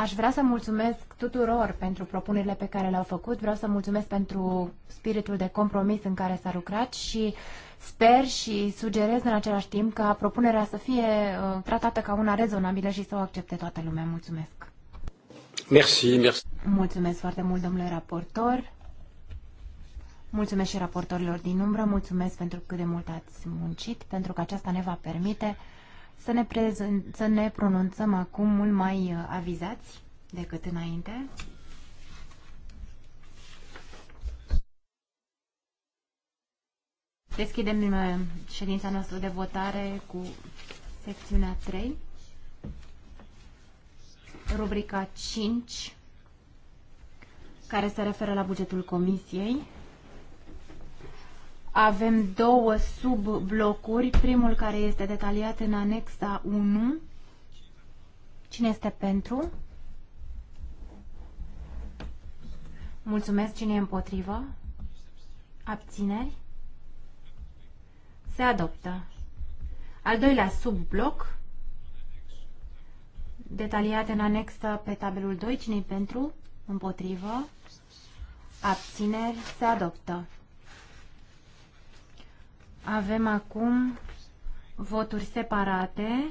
Aș vrea să mulțumesc tuturor pentru propunerile pe care le-au făcut, vreau să mulțumesc pentru spiritul de compromis în care s-a lucrat și sper și sugerez în același timp ca propunerea să fie uh, tratată ca una rezonabilă și să o accepte toată lumea. Mulțumesc! Merci, merci. Mulțumesc foarte mult, domnule raportor. Mulțumesc și raportorilor din umbră, mulțumesc pentru cât de mult ați muncit, pentru că aceasta ne va permite să ne, prezent, să ne pronunțăm acum mult mai uh, avizați decât înainte. Deschidem uh, ședința noastră de votare cu secțiunea 3, rubrica 5, care se referă la bugetul comisiei. Avem două subblocuri, primul care este detaliat în anexa 1. Cine este pentru? Mulțumesc. Cine e împotrivă? Abțineri? Se adoptă. Al doilea subbloc, detaliat în anexă pe tabelul 2, cine pentru? Împotrivă? Abțineri? Se adoptă. Avem acum voturi separate.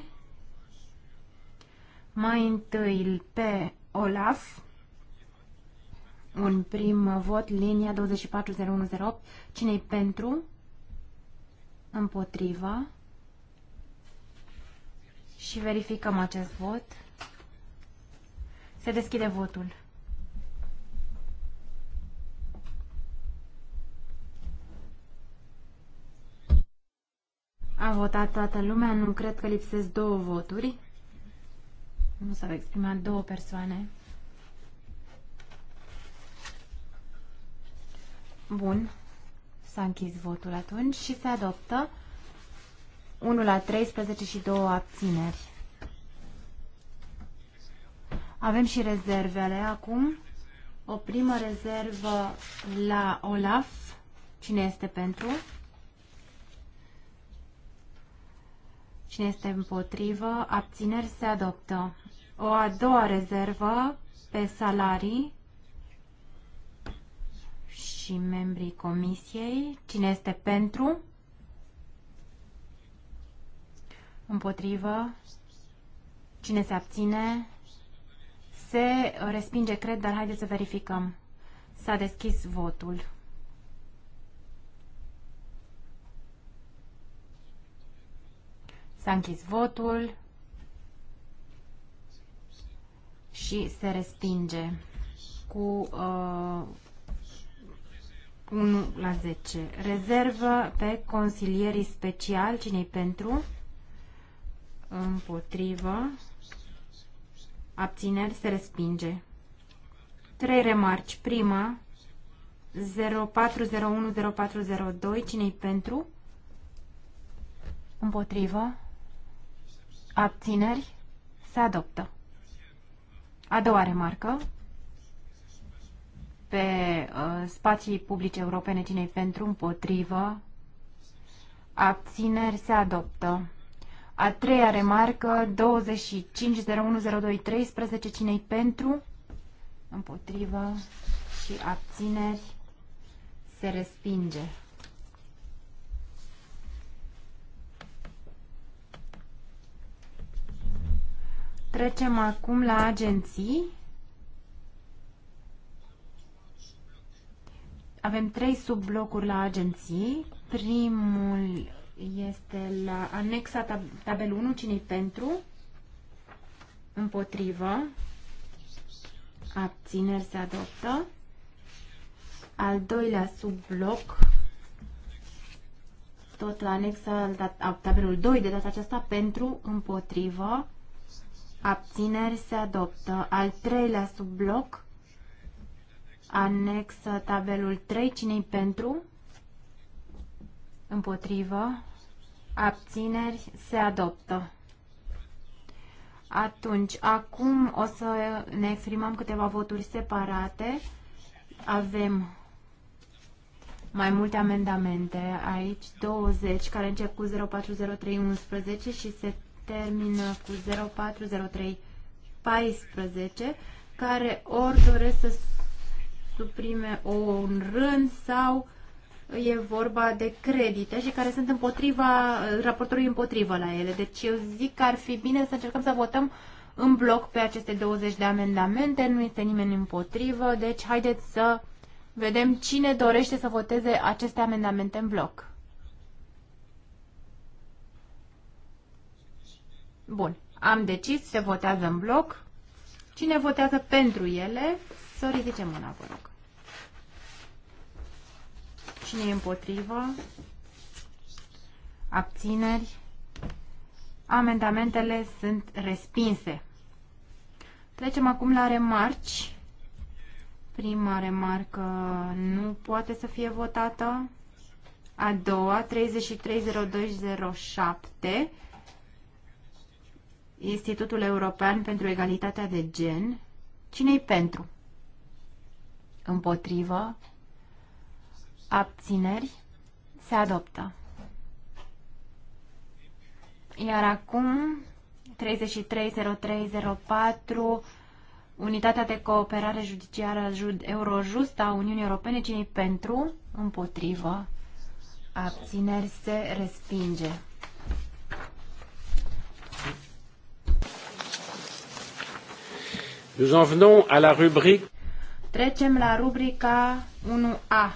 Mai întâi pe Olaf, un prim vot, linia 240108. Cine-i pentru? Împotriva. Și verificăm acest vot. Se deschide votul. A votat toată lumea, nu cred că lipsesc două voturi. Nu s-au exprimat două persoane. Bun. S-a închis votul atunci și se adoptă 1 la 13 și 2 abțineri. Avem și rezervele acum. O primă rezervă la Olaf. Cine este pentru? Pentru. Cine este împotrivă? Abțineri se adoptă. O a doua rezervă pe salarii și membrii comisiei. Cine este pentru? Împotrivă? Cine se abține? Se respinge, cred, dar haideți să verificăm. S-a deschis votul. S-a închis votul și se respinge cu uh, 1 la 10. Rezervă pe consilierii speciali, cine pentru? Împotrivă. Abțineri se respinge. 3 remarci. Prima, 0401-0402, cine pentru? Împotrivă. Abțineri? Se adoptă. A doua remarcă. Pe uh, spații publice europene, cinei pentru, împotrivă, abțineri, se adoptă. A treia remarcă, 25.01.02.13, cinei pentru, împotrivă și abțineri, se respinge. Trecem acum la agenții. Avem trei subblocuri la agenții. Primul este la anexa tab tabel 1, cine pentru, împotrivă, abțineri se adoptă. Al doilea subbloc, tot la anexa tab tabelul 2 de data aceasta, pentru, împotrivă, abțineri se adoptă. Al treilea subbloc, anexă tabelul 3, cine pentru? Împotrivă, abțineri se adoptă. Atunci, acum o să ne exprimăm câteva voturi separate. Avem mai multe amendamente aici, 20, care încep cu 040311 și se termină cu 040314, care ori doresc să suprime un rând sau e vorba de credite și care sunt împotriva, raportorului împotriva la ele. Deci eu zic că ar fi bine să încercăm să votăm în bloc pe aceste 20 de amendamente, nu este nimeni împotrivă, deci haideți să vedem cine dorește să voteze aceste amendamente în bloc. Bun. Am decis, se votează în bloc. Cine votează pentru ele, să ridice mâna, vă rog. Cine e împotrivă? Abțineri? Amendamentele sunt respinse. Trecem acum la remarci. Prima remarcă nu poate să fie votată. A doua, 330207 Institutul European pentru Egalitatea de Gen. Cine-i pentru? Împotrivă? Abțineri? Se adoptă. Iar acum, 330304, Unitatea de Cooperare Judiciară Eurojust a Uniunii Europene, cine pentru? Împotrivă? Abțineri se respinge. Nous en venons à la rubrique. Trecem la rubrica 1A.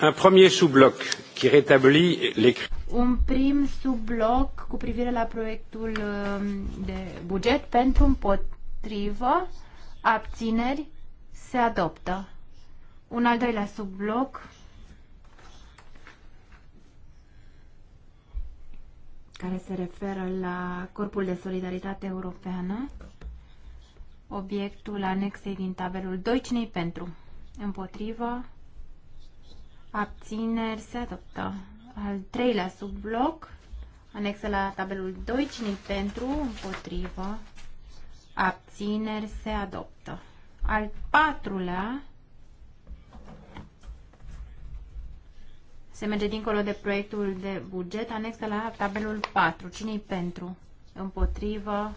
Un premier sous-bloc qui rétablit les un prim subloc cu privire la proiectul um, de buget pentru împotrivă, abțineri, se adoptă. Un al doilea subloc care se referă la Corpul de Solidaritate Europeană, obiectul anexei din tabelul 2, cine pentru? Împotrivă, abțineri, se adoptă al treilea subbloc, anexă la tabelul 2, cine pentru, împotrivă, abțineri, se adoptă. Al patrulea se merge dincolo de proiectul de buget, anexă la tabelul 4. cine pentru? Împotrivă,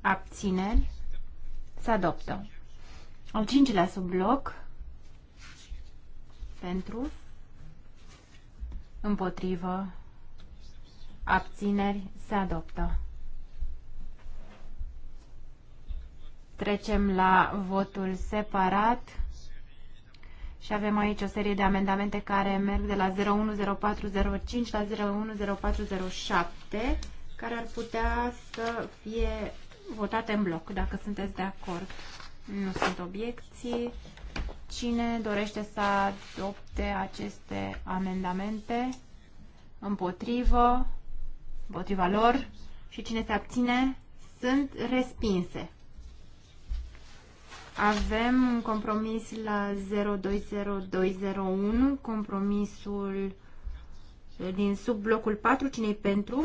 abțineri, se adoptă. Al cincilea subbloc, pentru, împotrivă, abțineri, se adoptă. Trecem la votul separat și avem aici o serie de amendamente care merg de la 010405 la 010407 care ar putea să fie votate în bloc, dacă sunteți de acord. Nu sunt obiecții. Cine dorește să adopte aceste amendamente împotrivă, împotriva lor și cine se abține sunt respinse. Avem un compromis la 020201, compromisul din sub blocul 4, cine pentru?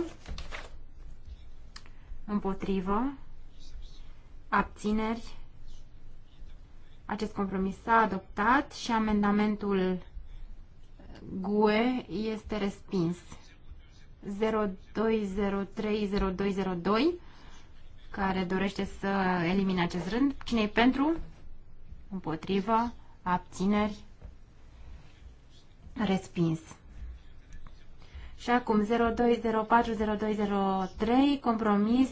Împotrivă. Abțineri. Acest compromis s-a adoptat și amendamentul GUE este respins. 0203-0202 care dorește să elimine acest rând. Cine e pentru? Împotrivă? Abțineri? Respins. Și acum 0204-0203 compromis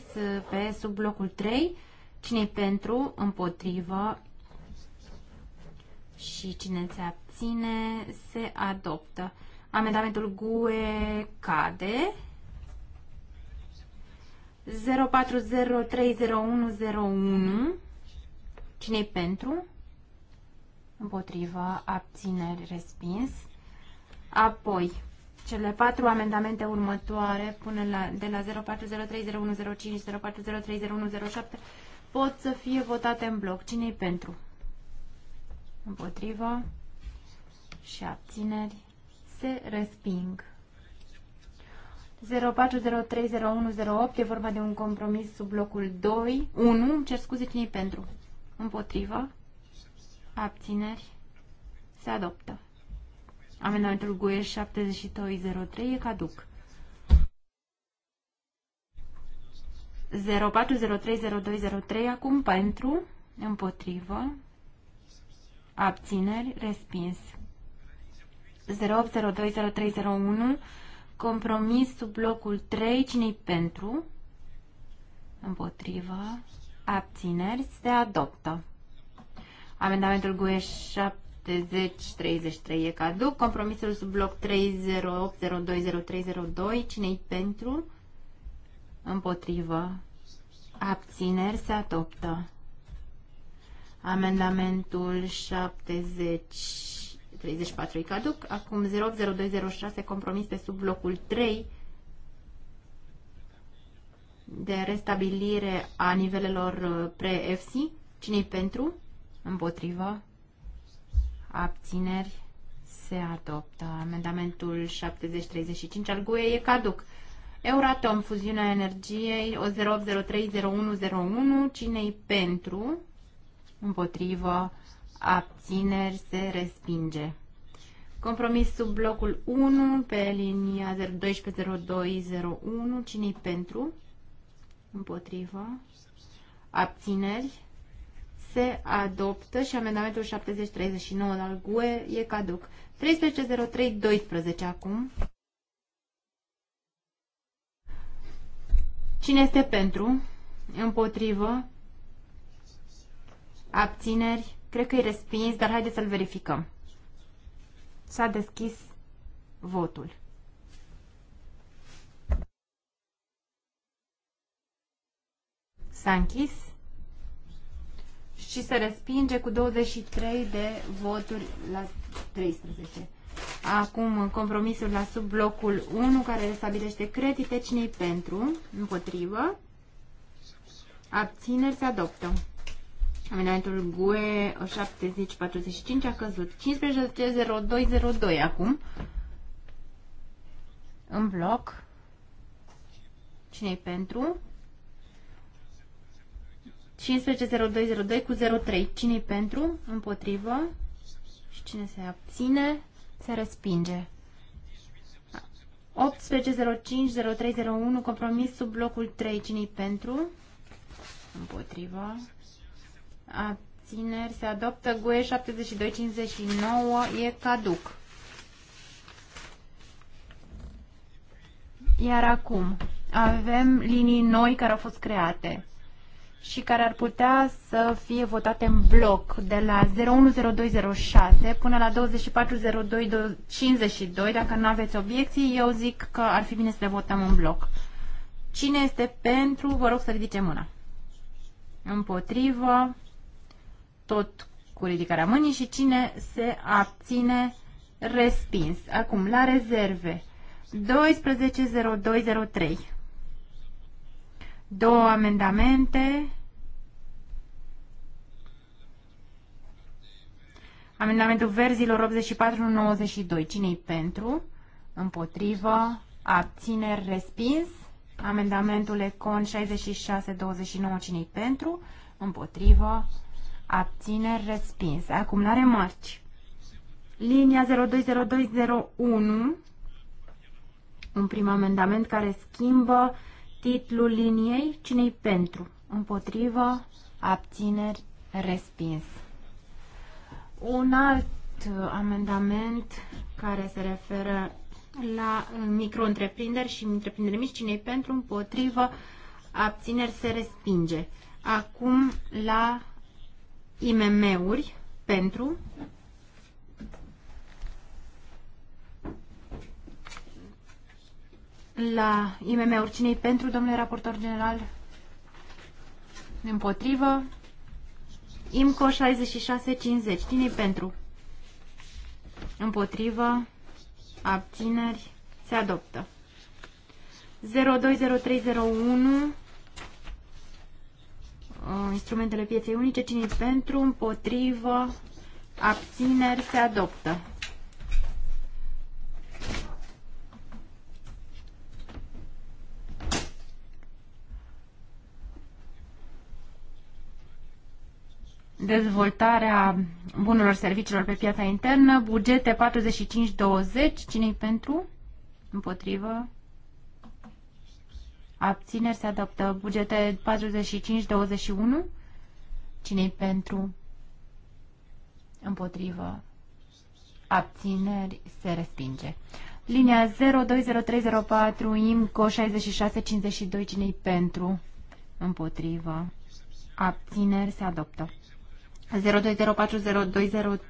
pe sub blocul 3. Cine e pentru? Împotrivă? și cine se abține se adoptă. Amendamentul GUE cade. 04030101 Cine-i pentru? Împotriva, abțineri, respins. Apoi, cele patru amendamente următoare, până la, de la 04030105, 04030107, pot să fie votate în bloc. Cine-i pentru? împotrivă și abțineri se resping. 04030108 e vorba de un compromis sub blocul 2, 1, cer scuze cine pentru, împotrivă, abțineri, se adoptă. Amendamentul GUE 7203 e caduc. 04030203 acum pentru, împotrivă, abțineri, respins. 08020301, compromis sub blocul 3, cine pentru? Împotrivă, abțineri, se adoptă. Amendamentul GUE 7033 e caduc, compromisul sub bloc 30802032, cine pentru? Împotrivă, abțineri, se adoptă. Amendamentul 70 34 caduc. Acum 080206 compromis pe sub blocul 3 de restabilire a nivelelor uh, pre-FC. Cine-i pentru? Împotriva? Abțineri? Se adoptă. Amendamentul 7035 al GUE e caduc. Euratom, fuziunea energiei 08030101. Cine-i pentru? împotrivă, abțineri, se respinge. Compromis sub blocul 1 pe linia 120201. cine pentru? Împotrivă. Abțineri. Se adoptă și amendamentul 7039 al GUE e caduc. 130312 acum. Cine este pentru? Împotrivă. Abțineri? Cred că e respins, dar haideți să-l verificăm. S-a deschis votul. S-a închis și se respinge cu 23 de voturi la 13. Acum compromisul la sublocul 1 care stabilește credite cine pentru, împotrivă, abțineri se adoptă. Amendamentul GUE 7045 a căzut. 150202 acum. În bloc. Cine-i pentru? 150202 cu 03. Cine-i pentru? Împotrivă. Și cine se abține? Se respinge. 18050301 compromis sub blocul 3. Cine-i pentru? Împotrivă abțineri se adoptă. GUE 7259 e caduc. Iar acum avem linii noi care au fost create și care ar putea să fie votate în bloc de la 010206 până la 240252. Dacă nu aveți obiecții, eu zic că ar fi bine să le votăm în bloc. Cine este pentru, vă rog să ridice mâna. Împotrivă, tot cu ridicarea mâinii și cine se abține respins. Acum, la rezerve. 120203. Două amendamente. Amendamentul verzilor 8492. Cine-i pentru? Împotrivă? Abține Respins? Amendamentul Econ 6629. Cine-i pentru? Împotrivă? abțineri, respins. Acum la remarci. Linia 020201, un prim amendament care schimbă titlul liniei, cine pentru? Împotrivă, abțineri, respins. Un alt amendament care se referă la micro-întreprinderi și întreprinderi mici, cine pentru, împotrivă, abțineri, se respinge. Acum la IMM-uri pentru la IMM-uri. Cine pentru, domnule raportor general? Împotrivă. IMCO 6650. cine pentru? Împotrivă. Abțineri. Se adoptă. 020301 Uh, instrumentele pieței unice, cine pentru, împotrivă, abțineri, se adoptă. dezvoltarea bunurilor serviciilor pe piața internă, bugete 45-20, cine pentru? Împotrivă, Abțineri se adoptă. Bugete 45-21. cine pentru? Împotrivă. Abțineri se respinge. Linia 020304 IMCO 6652 cine pentru? Împotrivă. Abțineri se adoptă.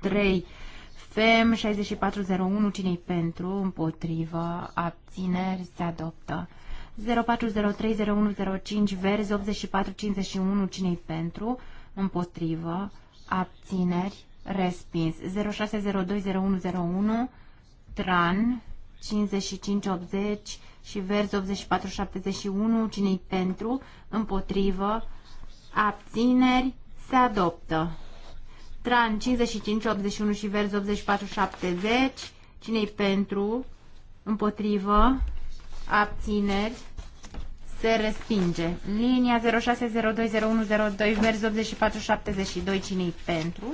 02040203 FEM 6401 cine pentru? Împotrivă. Abțineri se adoptă. 04030105 verzi 8451 cinei pentru, împotrivă, abțineri, respins. 06020101 tran 5580 și verzi 8471 cinei pentru, împotrivă, abțineri, se adoptă. Tran 5581 și verzi 8470 cinei pentru, împotrivă, abțineri, se respinge. Linia 06020102, mers 8472, cine pentru?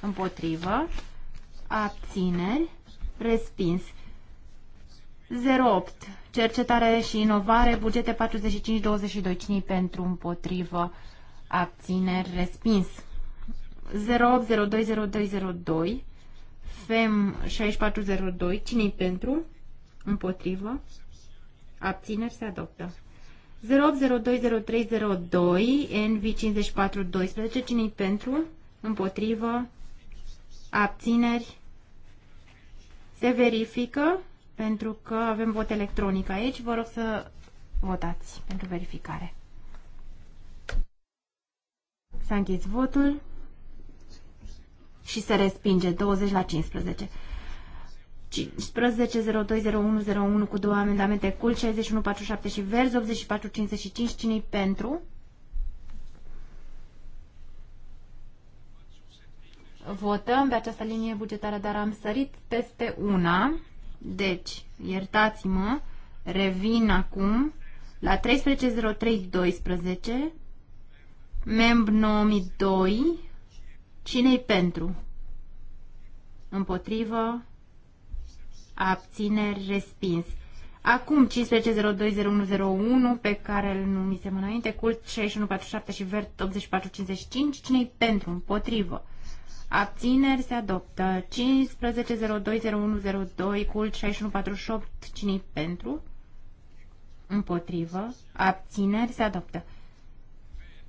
Împotrivă. Abțineri. Respins. 08. Cercetare și inovare, bugete 4522, cine pentru? Împotrivă. Abțineri. Respins. 08020202, FEM 6402, cine pentru? Împotrivă. Abțineri se adoptă. 0802302 NV5412 cine pentru? Împotrivă. Abțineri. Se verifică pentru că avem vot electronic aici. Vă rog să votați pentru verificare. S-a închis votul și se respinge 20 la 15. 15020101 cu două amendamente cul 6147 și vers 8455 cine pentru? Votăm pe această linie bugetară, dar am sărit peste una. Deci, iertați-mă, revin acum la 130312 memb 9002 cine pentru? Împotrivă abțineri, respins. Acum 15020101 pe care îl numisem înainte, cult 6147 și vert 8455, cine-i pentru, împotrivă? Abțineri se adoptă 15.02.01.02, cult 6148, cine-i pentru? Împotrivă. Abțineri se adoptă.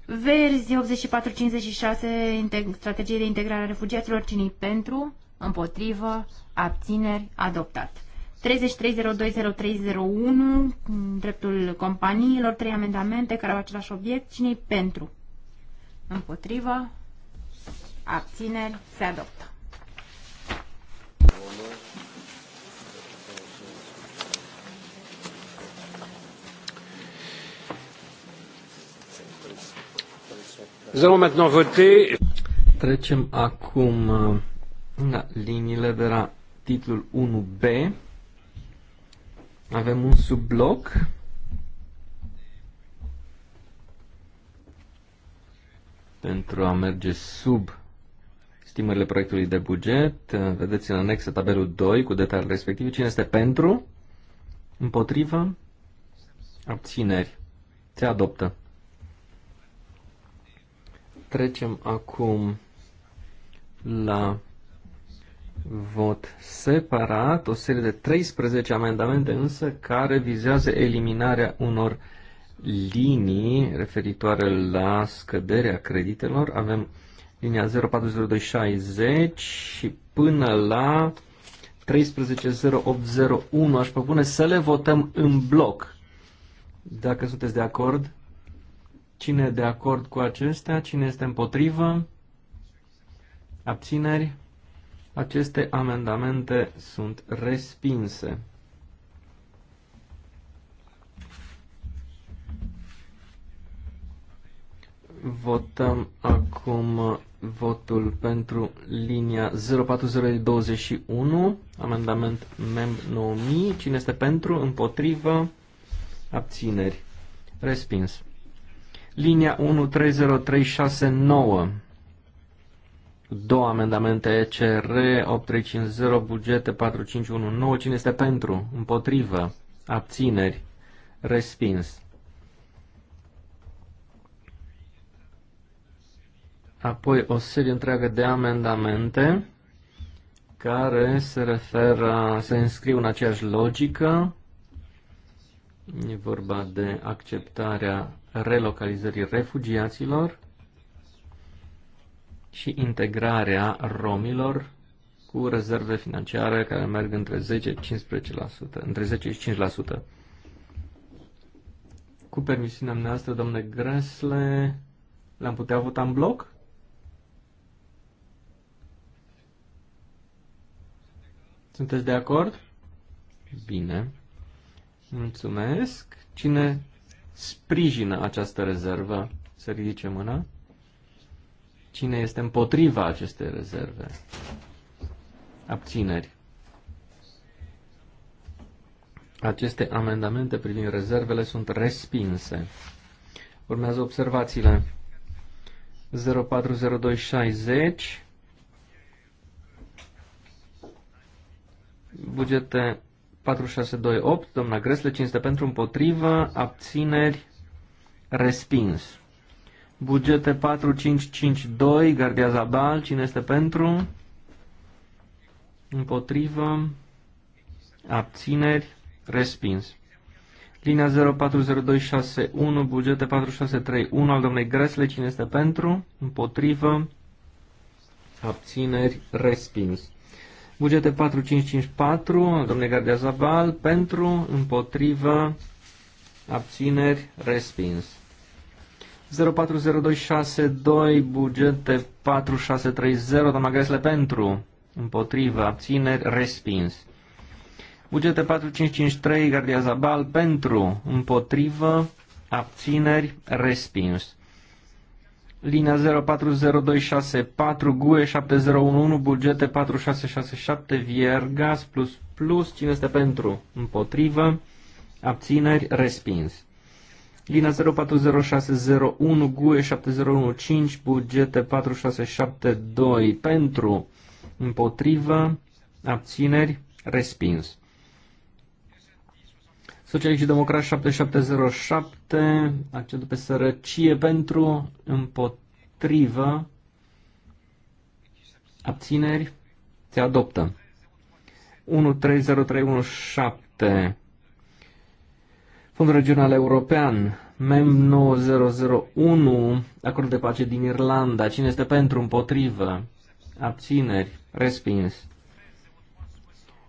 Verzi 8456, strategie de integrare a refugiaților, cine pentru? împotrivă, abțineri, adoptat. 33020301, dreptul companiilor, trei amendamente care au același obiect. Cine-i pentru? Împotrivă, abțineri, se adoptă. Nous allons maintenant voter. Trecem acum uh, da, liniile de la titlul 1B. Avem un subbloc pentru a merge sub stimările proiectului de buget. Vedeți în anexă tabelul 2 cu detaliile respective. Cine este pentru? Împotrivă? Abțineri. Se adoptă. Trecem acum la vot separat, o serie de 13 amendamente însă care vizează eliminarea unor linii referitoare la scăderea creditelor. Avem linia 040260 și până la 130801 aș propune să le votăm în bloc. Dacă sunteți de acord, cine e de acord cu acestea, cine este împotrivă, abțineri. Aceste amendamente sunt respinse. Votăm acum votul pentru linia 04021, amendament MEM 9000. Cine este pentru? Împotrivă? Abțineri. Respins. Linia 13069 două amendamente ECR 8350 bugete 4519. Cine este pentru? Împotrivă? Abțineri? Respins. Apoi o serie întreagă de amendamente care se referă, se înscriu în aceeași logică. E vorba de acceptarea relocalizării refugiaților și integrarea romilor cu rezerve financiare care merg între 10 15%, între 10 și 5%. Cu permisiunea noastră, domnule Gresle, l-am putea vota în bloc? Sunteți de acord? Bine. Mulțumesc. Cine sprijină această rezervă? Să ridice mâna. Cine este împotriva acestei rezerve? Abțineri. Aceste amendamente privind rezervele sunt respinse. Urmează observațiile. 040260 Bugete 4628, doamna Gresle, 500 pentru împotrivă, abțineri, respins. Bugete 4552, Gardia Zabal, cine este pentru? Împotrivă. Abțineri. Respins. Linia 040261, bugete 4631 al domnului Gresle, cine este pentru? Împotrivă. Abțineri. Respins. Bugete 4554 al domnului Gardia Zabal, pentru, împotrivă, abțineri, respins. 040262, bugete 4630, doamna Gresle pentru, împotrivă, abțineri, respins. Bugete 4553, Gardia Zabal pentru, împotrivă, abțineri, respins. Linia 040264, GUE 7011, bugete 4667, Viergas plus plus, cine este pentru? Împotrivă, abțineri, respins lina 040601, GUE 7015, bugete 4672, pentru, împotrivă, abțineri, respins. Socialiști și Democrați 7707, accentul pe sărăcie pentru, împotrivă, abțineri, se adoptă. 130317 Fondul Regional European, MEM 9001, acord de pace din Irlanda. Cine este pentru, împotrivă? Abțineri, respins.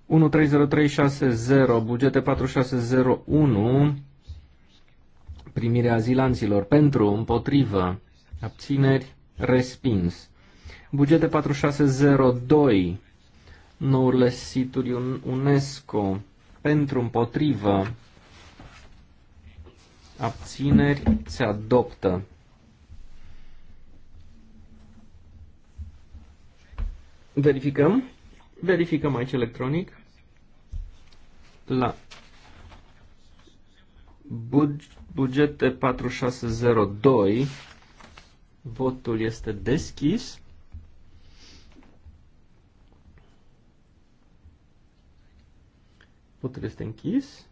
130360, bugete 4601, primirea azilanților pentru, împotrivă, abțineri, respins. Bugete 4602, nourile situri UNESCO pentru, împotrivă, abțineri, se adoptă. Verificăm. Verificăm aici electronic. La bugete 4602 votul este deschis. Votul este închis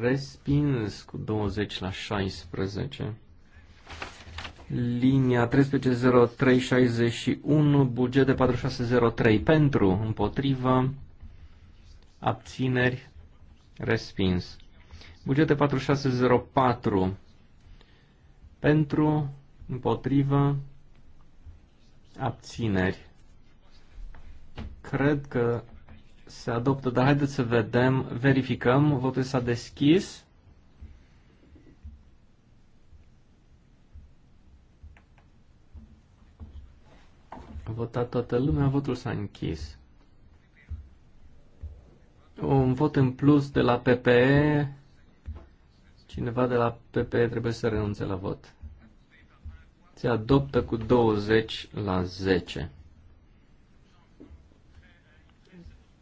respins cu 20 la 16. Linia 130361, buget de 4603 pentru, împotrivă, abțineri, respins. Buget de 4604 pentru, împotrivă, abțineri. Cred că se adoptă, dar haideți să vedem, verificăm, votul s-a deschis. A votat toată lumea, votul s-a închis. Un vot în plus de la PPE, cineva de la PPE trebuie să renunțe la vot. Se adoptă cu 20 la 10.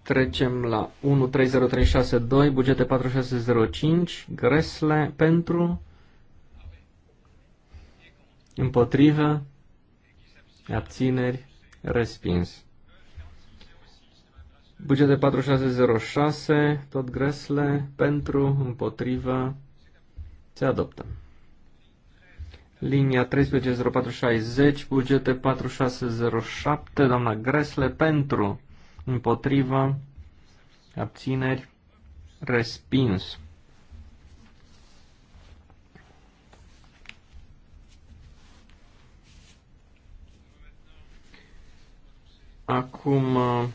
Trecem la 130362, bugete 4605, Gresle pentru, împotrivă, abțineri, respins. Bugete 4606, tot Gresle pentru, împotrivă, se adoptă. Linia 130460, bugete 4607, doamna Gresle pentru, împotrivă, abțineri, respins. Acum uh,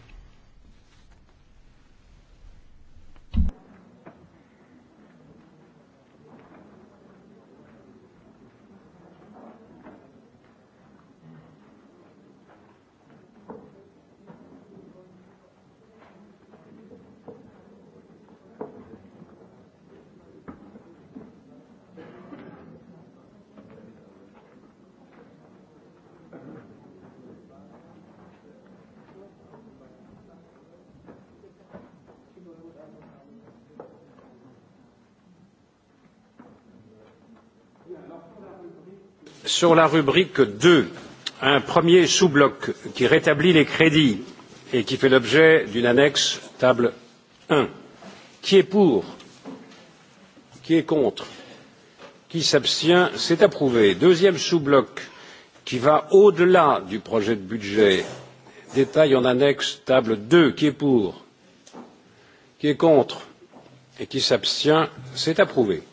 sur la rubrique deux un premier sous-bloc qui rétablit les crédits et qui fait l'objet d'une annexe table un Qui est pour Qui est contre Qui s'abstient C'est approuvé. Deuxième sous-bloc qui va au-delà du projet de budget, détail en annexe table deux Qui est pour Qui est contre Et qui s'abstient C'est approuvé.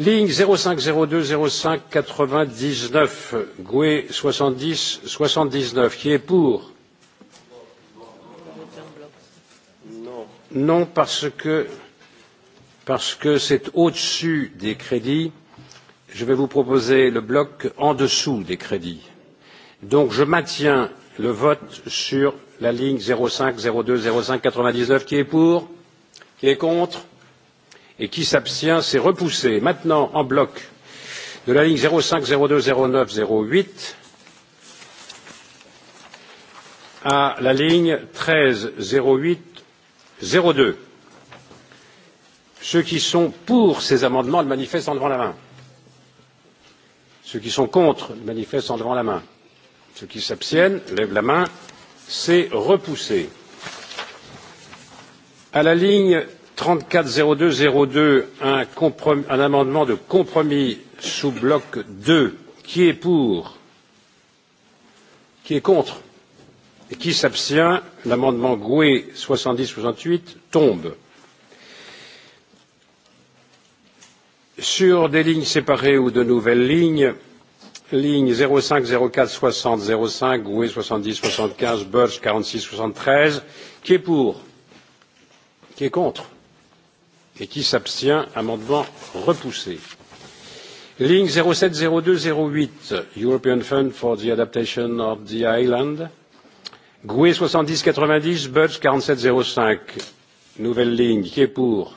Ligne 0502 05 99, Goué 70 79, qui est pour Non, parce que parce que c'est au-dessus des crédits. Je vais vous proposer le bloc en dessous des crédits. Donc je maintiens le vote sur la ligne 05 02 05 99 qui est pour, qui est contre, et qui s'abstient c'est repoussé maintenant en bloc de la ligne zéro cinq zéro deux zéro neuf zéro huit à la ligne treize zéro huit zéro deux ceux qui sont pour ces amendements le manifestent en levant la main ceux qui sont contre le manifestent en levant la main ceux qui s'abstiennent lèvent la main c'est repoussé à la ligne trente deux un amendement de compromis sous bloc deux qui est pour qui est contre et qui s'abstient l'amendement gue soixante dix soixante huit tombe. sur des lignes séparées ou de nouvelles lignes lignes zéro cinq zéro quatre soixante zéro cinq gue soixante dix soixante quinze budg quarante six soixante treize qui est pour qui est contre et qui s'abstient amendement repoussé ligne zéro sept zéro deux zéro huit european fund for the adaptation of the island gue soixante dix quatre vingt dix budg quarante sept zéro cinq nouvelle ligne qui est pour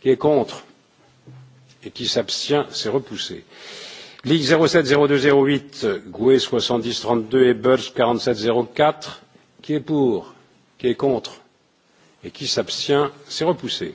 qui est contre et qui s'abstient c'est repoussé ligne zéro sept zéro deux zéro huit gue soixante dix trente deux et budg quarante sept zéro quatre qui est pour qui est contre et qui s'abstient c'est repoussé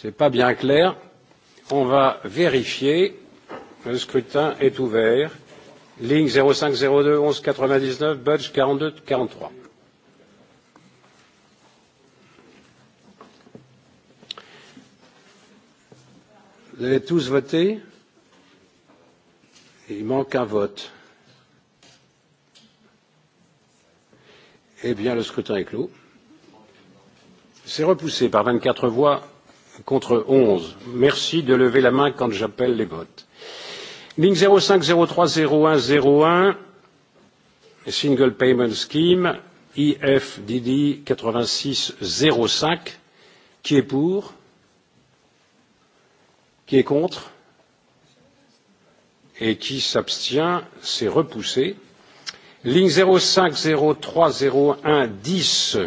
ce n'est pas bien clair. On va vérifier. Le scrutin est ouvert. Ligne 0502 11 99, Budge 42 43. Vous avez tous voté Il manque un vote. Eh bien, le scrutin est clos. C'est repoussé par 24 voix contre 11. Merci de lever la main quand j'appelle les votes. Ligne 05030101, Single Payment Scheme, IFDD 8605. Qui est pour Qui est contre Et qui s'abstient C'est repoussé. Ligne 05030110,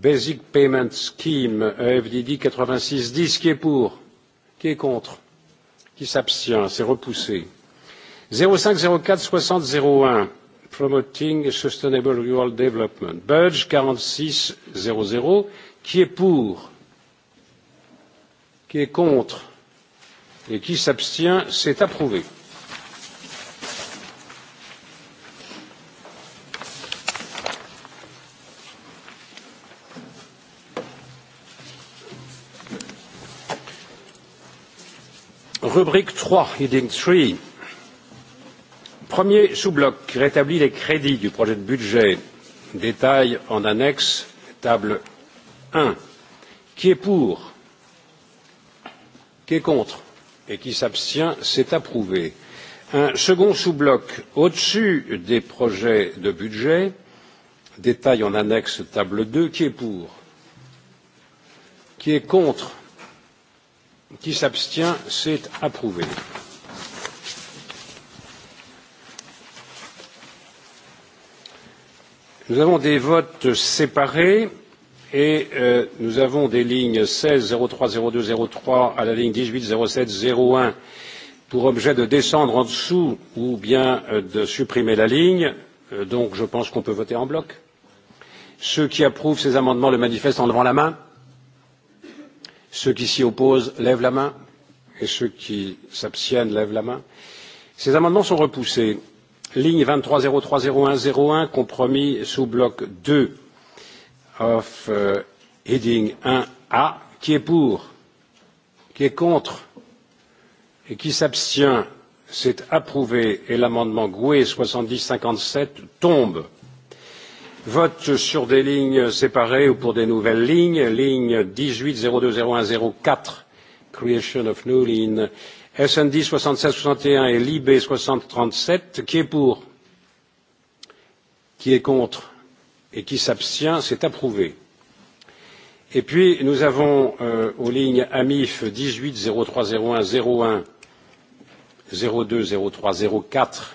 Basic Payment Scheme, EFDD 8610, qui est pour Qui est contre Qui s'abstient C'est repoussé. 0504 60 01, Promoting Sustainable Rural Development. Budge 4600, qui est pour Qui est contre Et qui s'abstient C'est approuvé. Rubrique 3, heading 3. Premier sous-bloc qui rétablit les crédits du projet de budget. Détail en annexe, table 1. Qui est pour Qui est contre Et qui s'abstient C'est approuvé. Un second sous-bloc au-dessus des projets de budget. Détail en annexe, table 2. Qui est pour Qui est contre Qui s'abstient C'est approuvé. Nous avons des votes séparés et euh, nous avons des lignes 16 03 02 03 à la ligne 18 07 01 pour objet de descendre en dessous ou bien euh, de supprimer la ligne. Euh, donc je pense qu'on peut voter en bloc. Ceux qui approuvent ces amendements le manifestent en levant la main. Ceux qui s'y opposent lèvent la main et ceux qui s'abstiennent lèvent la main. Ces amendements sont repoussés. Ligne 23030101, compromis sous bloc 2 of euh, heading 1A, qui est pour, qui est contre et qui s'abstient, c'est approuvé et l'amendement Goué 7057 tombe. Vote sur des lignes séparées ou pour des nouvelles lignes. Ligne 18 0201 04, Creation of New Line. SND 76-61 et l'IB 60-37. Qui est pour Qui est contre Et qui s'abstient C'est approuvé. Et puis, nous avons euh, aux lignes AMIF 18 03 01 01 02 03 04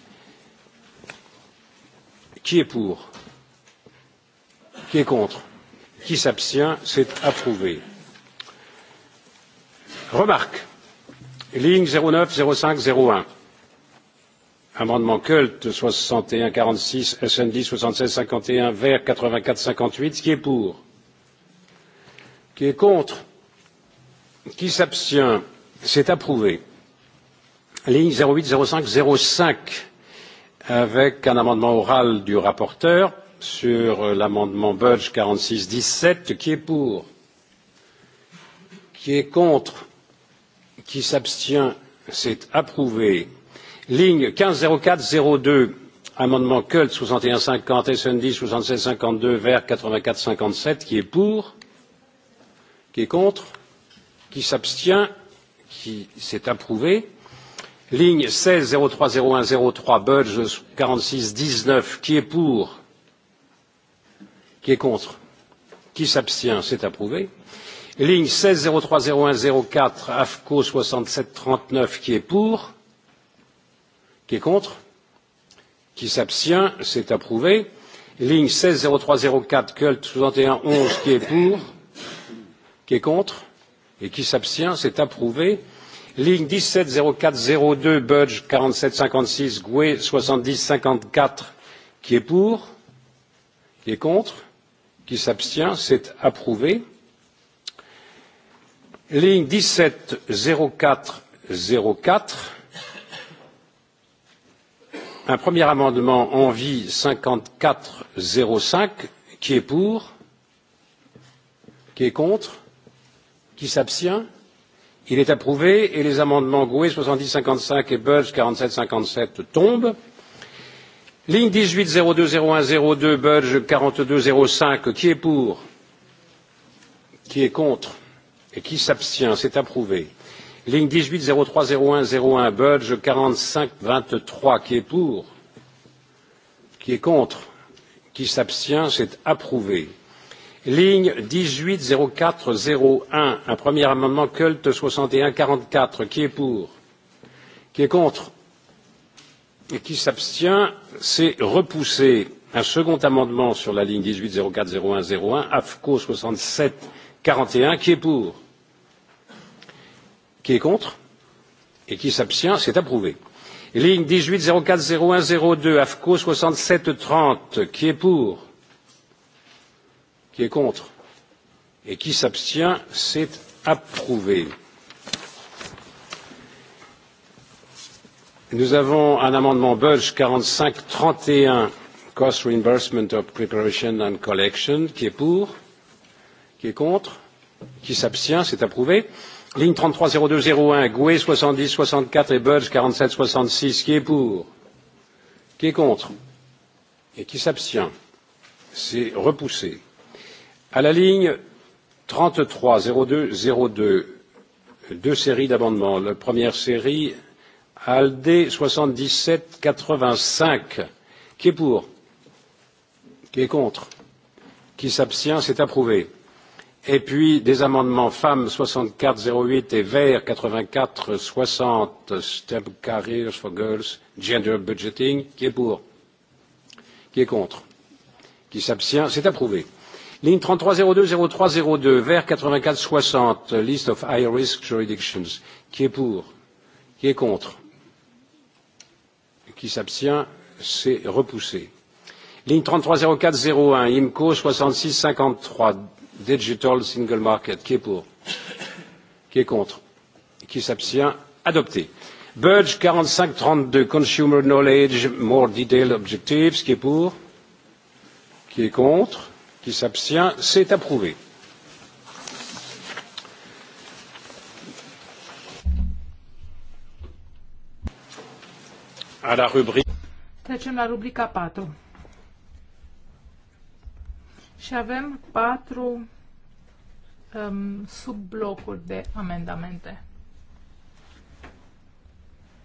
qui est pour? qui est contre? qui s'abstient? c'est approuvé. remarque ligne zéro neuf zéro cinq zéro un amendement cult soixante et un quarante six sd soixante seize cinquante et un verts quatre vingt quatre cinquante huit qui est pour? qui est contre? qui s'abstient? c'est approuvé. ligne zéro huit zéro cinq zéro cinq avec un amendement oral du rapporteur sur euh, l'amendement Budge 46-17. Qui est pour Qui est contre Qui s'abstient C'est approuvé. Ligne 150402, amendement Kölz 6150, SND 6752, vers 8457. Qui est pour Qui est contre Qui s'abstient qui s'est approuvé. Ligne 16 0301 03 Budge 46 19. Qui est pour Qui est contre Qui s'abstient C'est approuvé. Ligne 16 03 01 04 AFCO 67 39. Qui est pour Qui est contre Qui s'abstient C'est approuvé. Ligne 16 03 04 Cult 61 11. Qui est pour Qui est contre Et qui s'abstient C'est approuvé ligne dix sept zéro quatre zéro deux budg quarante sept cinquante six gue soixante dix cinquante quatre qui est pour qui est contre qui s'abstient c'est approuvé ligne dix sept zéro quatre zéro quatre un premier amendement envi cinquante quatre zéro cinq qui est pour qui est contre qui s'abstient? Il est approuvé et les amendements Goué 70.55 55 et Budge 47 57 tombent. Ligne 18 02 01 02 Budge 42 05 qui est pour Qui est contre Et qui s'abstient C'est approuvé. Ligne 18 03 01 01 Budge 45 23 qui est pour Qui est contre Qui s'abstient C'est approuvé ligne dix huit zéro quatre zéro un un premier amendement culte soixante et un quarante quatre qui est pour qui est contre et qui s'abstient c'est repoussé un second amendement sur la ligne dix huit zéro quatre zéro un zéro un afco soixante sept quarante et un qui est pour qui est contre et qui s'abstient c'est approuvé ligne dix huit zéro quatre zéro un zéro deux afco soixante sept trente qui est pour Qui est contre Et qui s'abstient C'est approuvé. Nous avons un amendement Budge 4531 Cost Reimbursement of Preparation and Collection, qui est pour Qui est contre Qui s'abstient C'est approuvé. Ligne 330201, Goué 7064 64 et Budge 47-66, qui est pour Qui est contre Et qui s'abstient C'est repoussé. À la ligne 33 02 02, deux séries d'amendements. La première série, ALDE 77 85. Qui est pour Qui est contre Qui s'abstient C'est approuvé. Et puis des amendements femmes 64 08 et verts 84 60 STEM Careers for Girls Gender Budgeting. Qui est pour Qui est contre Qui s'abstient C'est approuvé. Ligne 33.02.03.02 0302 vers 8460, list of high risk jurisdictions. Qui est pour Qui est contre Qui s'abstient C'est repoussé. Ligne 3304-01, IMCO 6653, Digital Single Market. Qui est pour Qui est contre Qui s'abstient Adopté. Budge 4532, Consumer Knowledge, More Detailed Objectives. Qui est pour Qui est contre qui s'abstient c'est approuvé. À la rubrique. Trecem la rubrica 4. Și avem patru um, subblocuri de amendamente.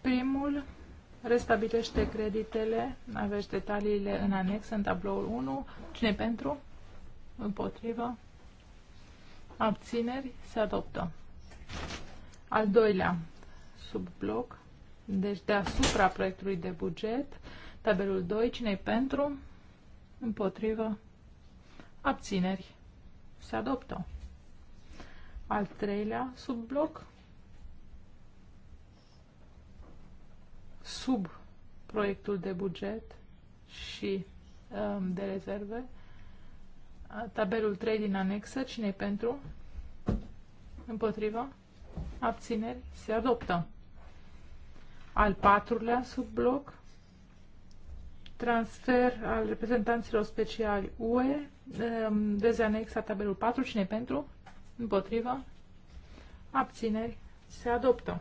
Primul restabilește creditele, aveți detaliile în anex, în tabloul 1. Cine pentru? Împotrivă. Abțineri. Se adoptă. Al doilea subbloc. Deci deasupra proiectului de buget. Tabelul 2. cine pentru? Împotrivă. Abțineri. Se adoptă. Al treilea subbloc. Sub proiectul de buget și um, de rezerve tabelul 3 din anexă. cine pentru? Împotrivă? Abțineri? Se adoptă. Al patrulea subbloc. Transfer al reprezentanților speciali UE. Ehm, anexa tabelul 4. cine pentru? Împotrivă? Abțineri? Se adoptă.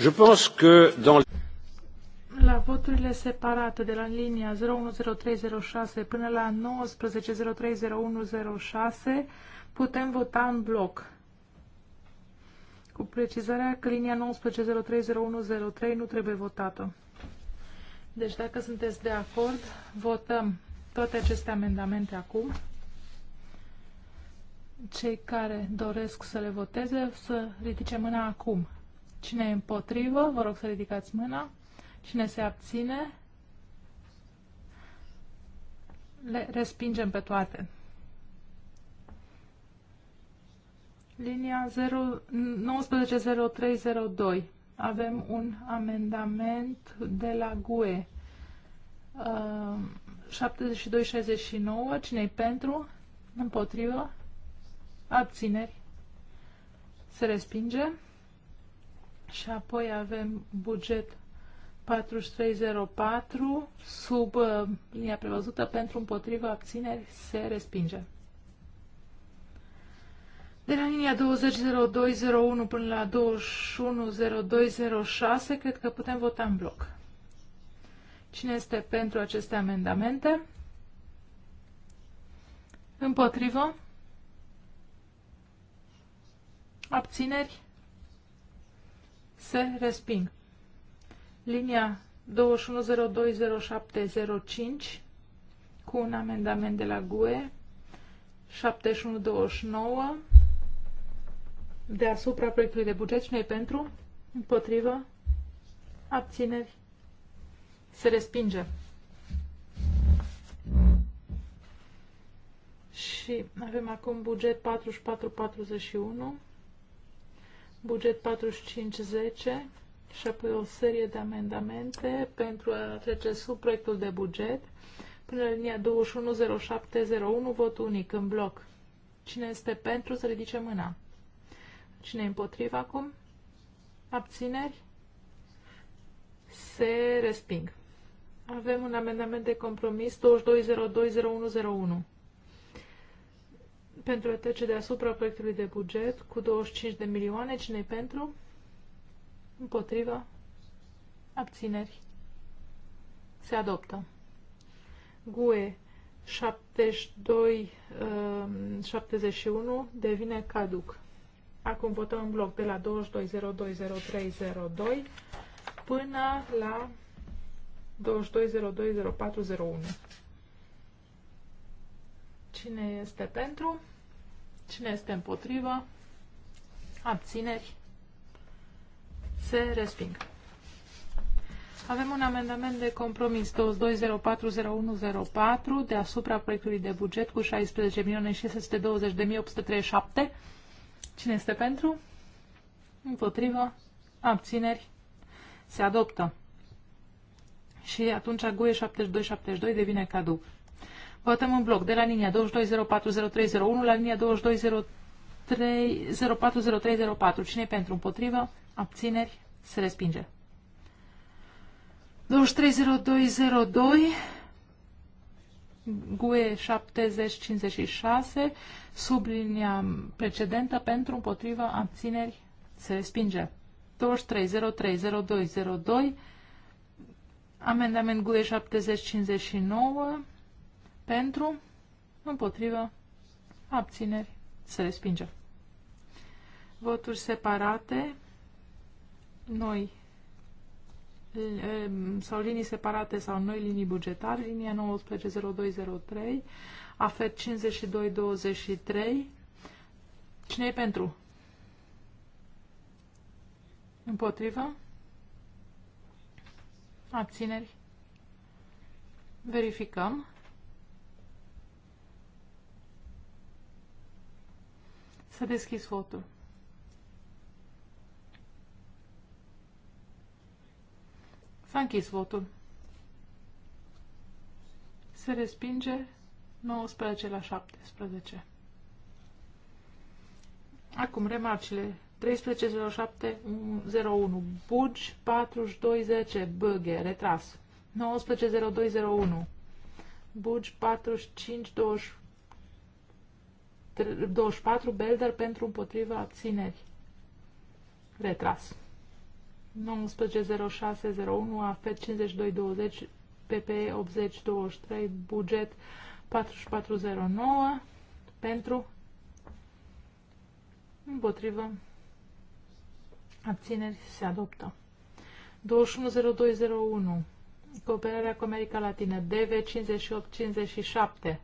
Je pense que dans la voturile separate de la linia 010306 până la 19030106 putem vota în bloc. Cu precizarea că linia 19030103 nu trebuie votată. Deci dacă sunteți de acord, votăm toate aceste amendamente acum. Cei care doresc să le voteze, să ridice mâna acum. Cine e împotrivă, vă rog să ridicați mâna. Cine se abține? Le respingem pe toate. Linia 190302. Avem un amendament de la GUE. Uh, 7269. Cine-i pentru? Împotrivă? Abțineri? Se respinge. Și apoi avem buget 4304 sub uh, linia prevăzută pentru împotriva abțineri se respinge. De la linia 20.02.01 până la 21.02.06 cred că putem vota în bloc. Cine este pentru aceste amendamente? Împotrivă? Abțineri? Se resping linia 21020705 cu un amendament de la GUE 7129 deasupra proiectului de buget. noi pentru? Împotrivă? Abțineri? Se respinge. Și avem acum buget 4441, buget 4510, și apoi o serie de amendamente pentru a trece sub proiectul de buget până la linia 210701, vot unic, în bloc. Cine este pentru să ridice mâna? Cine e împotriva acum? Abțineri? Se resping. Avem un amendament de compromis 22020101 pentru a trece deasupra proiectului de buget cu 25 de milioane. cine pentru? Împotrivă. Abțineri. Se adoptă. GUE 72, uh, 71 devine caduc. Acum votăm în bloc de la 22020302 până la 22020401. Cine este pentru? Cine este împotrivă? Abțineri? se resping. Avem un amendament de compromis 22040104 deasupra proiectului de buget cu 16.620.837. Cine este pentru? Împotrivă? Abțineri? Se adoptă. Și atunci GUE 7272 devine cadou. Votăm în bloc de la linia 22040301 la linia 22040304. Cine pentru? Împotrivă? abțineri, se respinge. 230202 GUE 7056 sub linia precedentă pentru împotriva abțineri se respinge. 230302 amendament GUE 7059 pentru împotriva abțineri se respinge. Voturi separate noi ehm, sau linii separate sau noi linii bugetare, linia 190203, AFET 5223. Cine e pentru? Împotrivă? Abțineri? Verificăm. Să deschis votul. S-a închis votul. Se respinge 19 la 17. Acum remarcile 13.07.01 Bugi 42.10 Băghe, retras 19.02.01 Bugi 45.24 Belder pentru împotriva abțineri retras 190601 AFET 5220 PP 8023 buget 4409 pentru împotrivă abțineri se adoptă 210201 Cooperarea cu America Latină DV 5857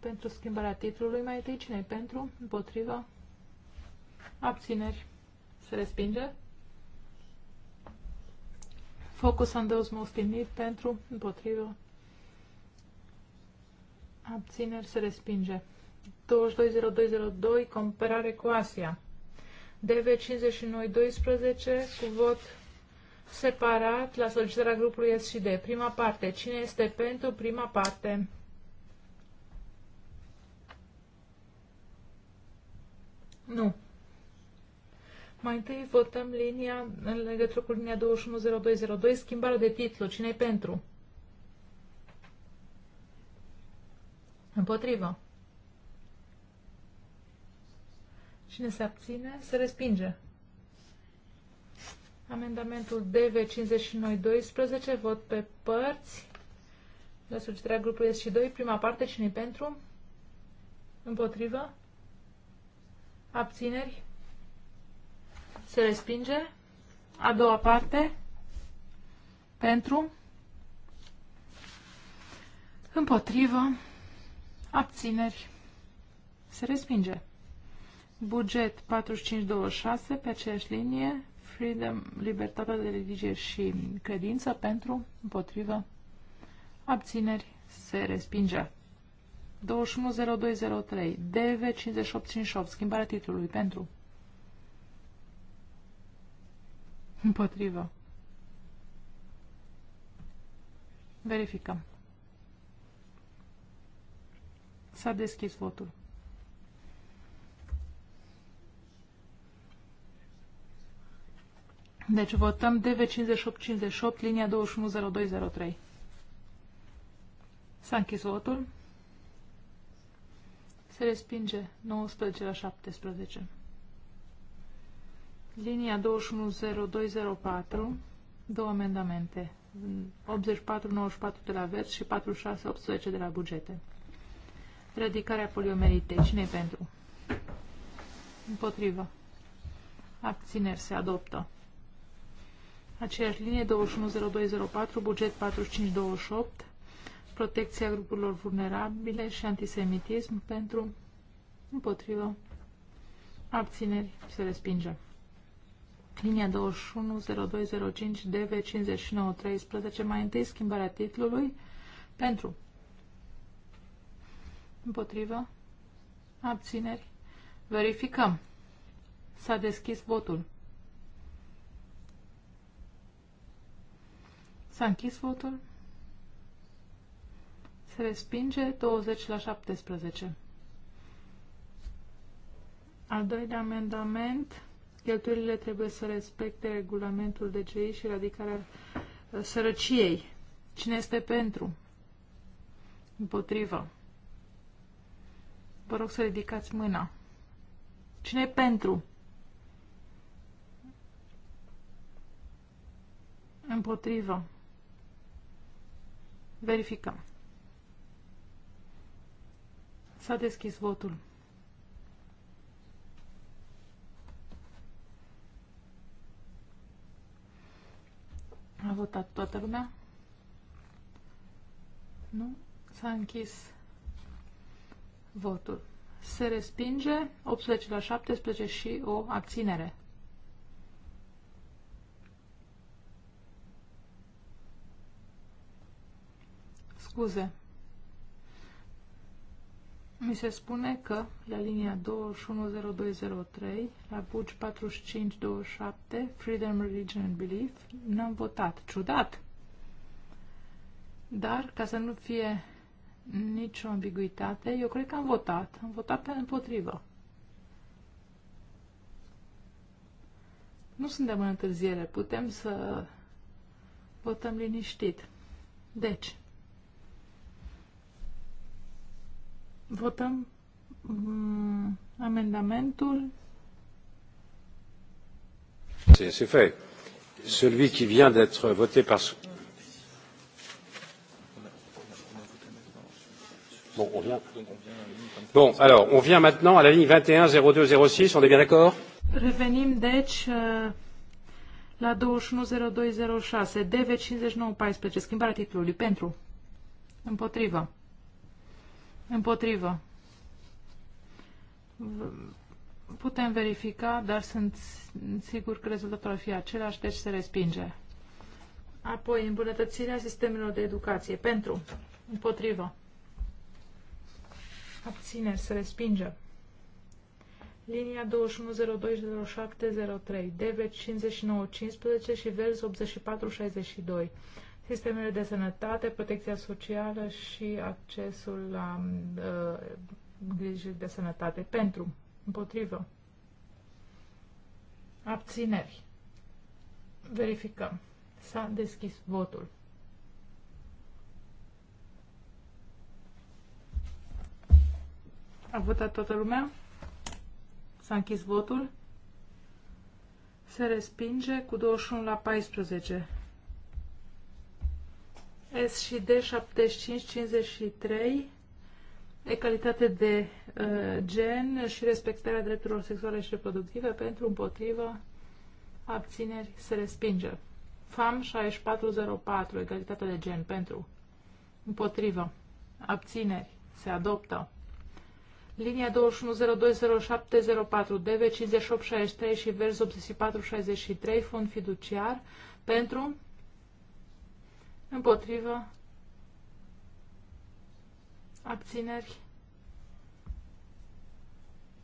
pentru schimbarea titlului mai întâi cine pentru împotrivă abțineri se respinge. Focus on those most in need pentru, împotrivă. Abțineri se respinge. 220202, comparare cu Asia. DV5912 cu vot separat la solicitarea grupului S și D. Prima parte. Cine este pentru prima parte? Nu. Mai întâi votăm linia în legătură cu linia 210202, schimbarea de titlu. Cine-i pentru? Împotrivă. Cine se abține, se respinge. Amendamentul DV5912, vot pe părți. La solicitarea grupului S2, prima parte, cine pentru? Împotrivă? Abțineri? Se respinge. A doua parte. Pentru. Împotrivă. Abțineri. Se respinge. Buget 4526 pe aceeași linie. Freedom, libertatea de religie și credință pentru, împotrivă, abțineri, se respinge. 210203, DV5858, schimbarea titlului pentru, Împotrivă. Verificăm. S-a deschis votul. Deci votăm DV5858, linia 210203. S-a închis votul. Se respinge 19 la 17. Linia 210204, două amendamente, 84-94 de la vers și 46-18 de la bugete. Radicarea poliomeritei. cine pentru? Împotrivă. Abțineri se adoptă. Aceeași linie 210204, buget 4528, protecția grupurilor vulnerabile și antisemitism pentru împotrivă. Abțineri se respinge linia 210205 DV 5913, mai întâi schimbarea titlului pentru împotrivă abțineri. Verificăm. S-a deschis votul. S-a închis votul. Se respinge 20 la 17. Al doilea amendament Cheltuielile trebuie să respecte regulamentul DCI și radicarea uh, sărăciei. Cine este pentru? Împotrivă. Vă rog să ridicați mâna. Cine e pentru? Împotrivă. Verificăm. S-a deschis votul. A votat toată lumea? Nu? S-a închis votul. Se respinge 18 la 17 și o abținere. Scuze mi se spune că la linia 210203, la buci 4527, Freedom, Religion and Belief, n-am votat. Ciudat! Dar, ca să nu fie nicio ambiguitate, eu cred că am votat. Am votat pe împotrivă. Nu suntem în întârziere, putem să votăm liniștit. Deci, Votăm mm, amendamentul. C'est fait. Celui qui vient d'être voté par. Bon, on vient. Bon, alors, on vient maintenant à la ligne 21-02-06, on est bien d'accord Revenim, deci, uh, la 21-02-06, DV 59-14, schimbarea titlului, pentru, împotrivă. Împotrivă. Putem verifica, dar sunt sigur că rezultatul ar fi același, deci se respinge. Apoi, îmbunătățirea sistemelor de educație. Pentru. Împotrivă. Abțineri. Se respinge. Linia 21020703, DV 5915 și Vers 8462 sistemele de sănătate, protecția socială și accesul la uh, de sănătate. Pentru, împotrivă, abțineri. Verificăm. S-a deschis votul. A votat toată lumea? S-a închis votul? Se respinge cu 21 la 14. S și D 7553 egalitate de uh, gen și respectarea drepturilor sexuale și reproductive pentru împotrivă abțineri se respinge. FAM 6404, egalitate de gen pentru împotrivă abțineri se adoptă. Linia 21020704, DV 5863 și vers 8463, fond fiduciar pentru Împotrivă. Abțineri.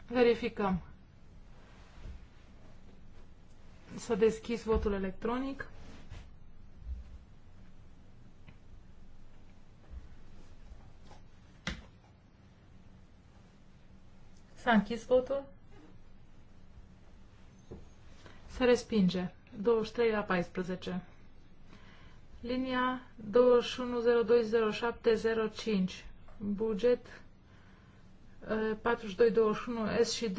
Verificăm. Să deschis votul electronic. S-a închis votul. Se respinge. 23 la 14. Linia 21020705, buget 4221 eh, S și D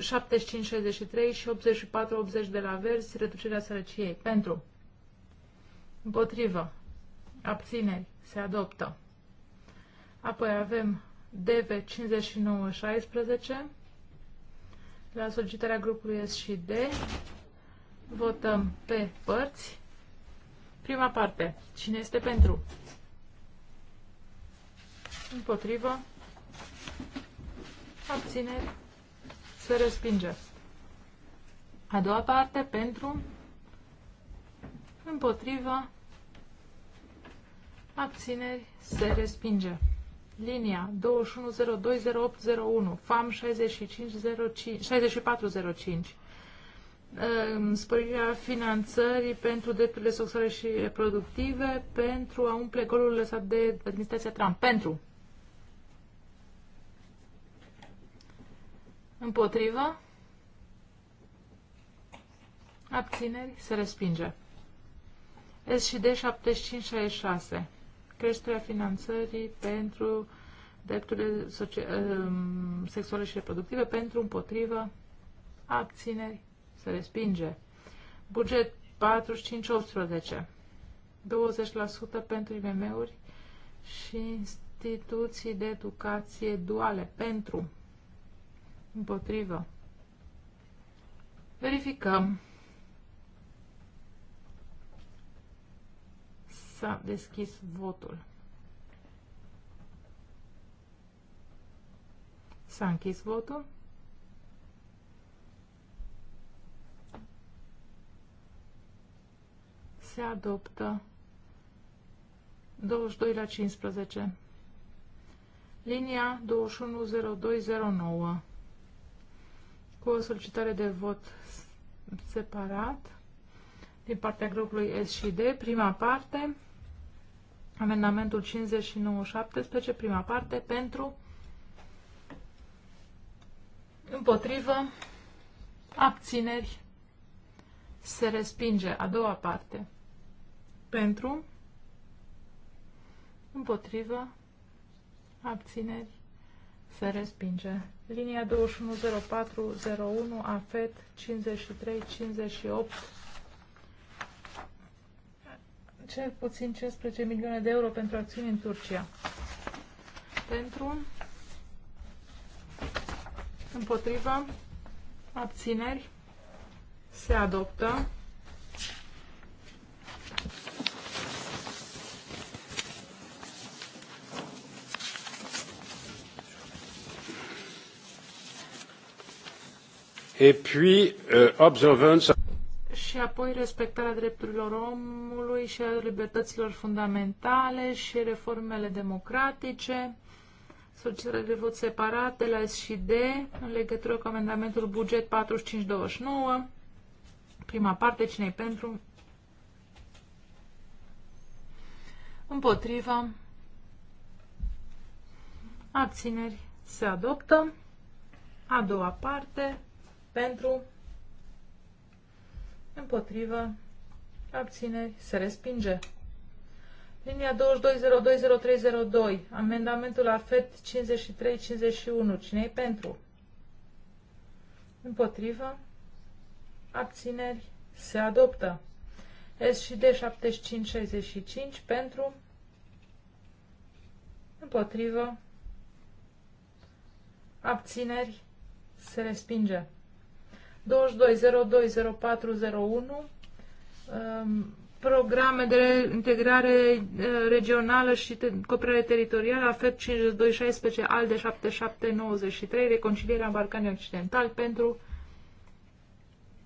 7563 și 8480 de la verzi, reducerea sărăciei. Pentru. Împotrivă. Abțineri. Se adoptă. Apoi avem DV 5916 la solicitarea grupului S și D. Votăm pe părți. Prima parte. Cine este pentru? Împotrivă. Abțineri. Se respinge. A doua parte. Pentru. Împotrivă. Abțineri. Se respinge. Linia 21020801. FAM 6505, 6405 sporirea finanțării pentru drepturile sexuale și reproductive pentru a umple golul lăsat de administrația Trump. Pentru. Împotrivă. Abțineri. Se respinge. S și D 7566. Creșterea finanțării pentru drepturile um, sexuale și reproductive pentru împotrivă abțineri se respinge. Buget 45-18. 20% pentru IMM-uri și instituții de educație duale. Pentru. Împotrivă. Verificăm. S-a deschis votul. S-a închis votul. se adoptă. 22 la 15. Linia 210209 cu o solicitare de vot separat din partea grupului S și D. Prima parte, amendamentul 5917, prima parte, pentru, împotrivă, abțineri, se respinge. A doua parte, pentru, împotrivă, abțineri, se respinge. Linia 210401, AFET 5358, cel puțin 15 milioane de euro pentru acțiuni în Turcia. Pentru, împotrivă, abțineri, se adoptă. et puis euh, observance și apoi respectarea drepturilor omului și a libertăților fundamentale și reformele democratice. Solicitarea de vot separat de la S și D în legătură cu amendamentul buget 4529. Prima parte, cine pentru? Împotriva. Abțineri. Se adoptă. A doua parte pentru, împotrivă, abțineri, se respinge. Linia 22020302, amendamentul AFET 5351, cine e pentru? Împotrivă, abțineri, se adoptă. S și D 7565 pentru, împotrivă, abțineri, se respinge. 22020401 um, programe de integrare uh, regională și te cooperare teritorială, AFET 5216, ALDE 7793, reconcilierea Balcanii Occidentali pentru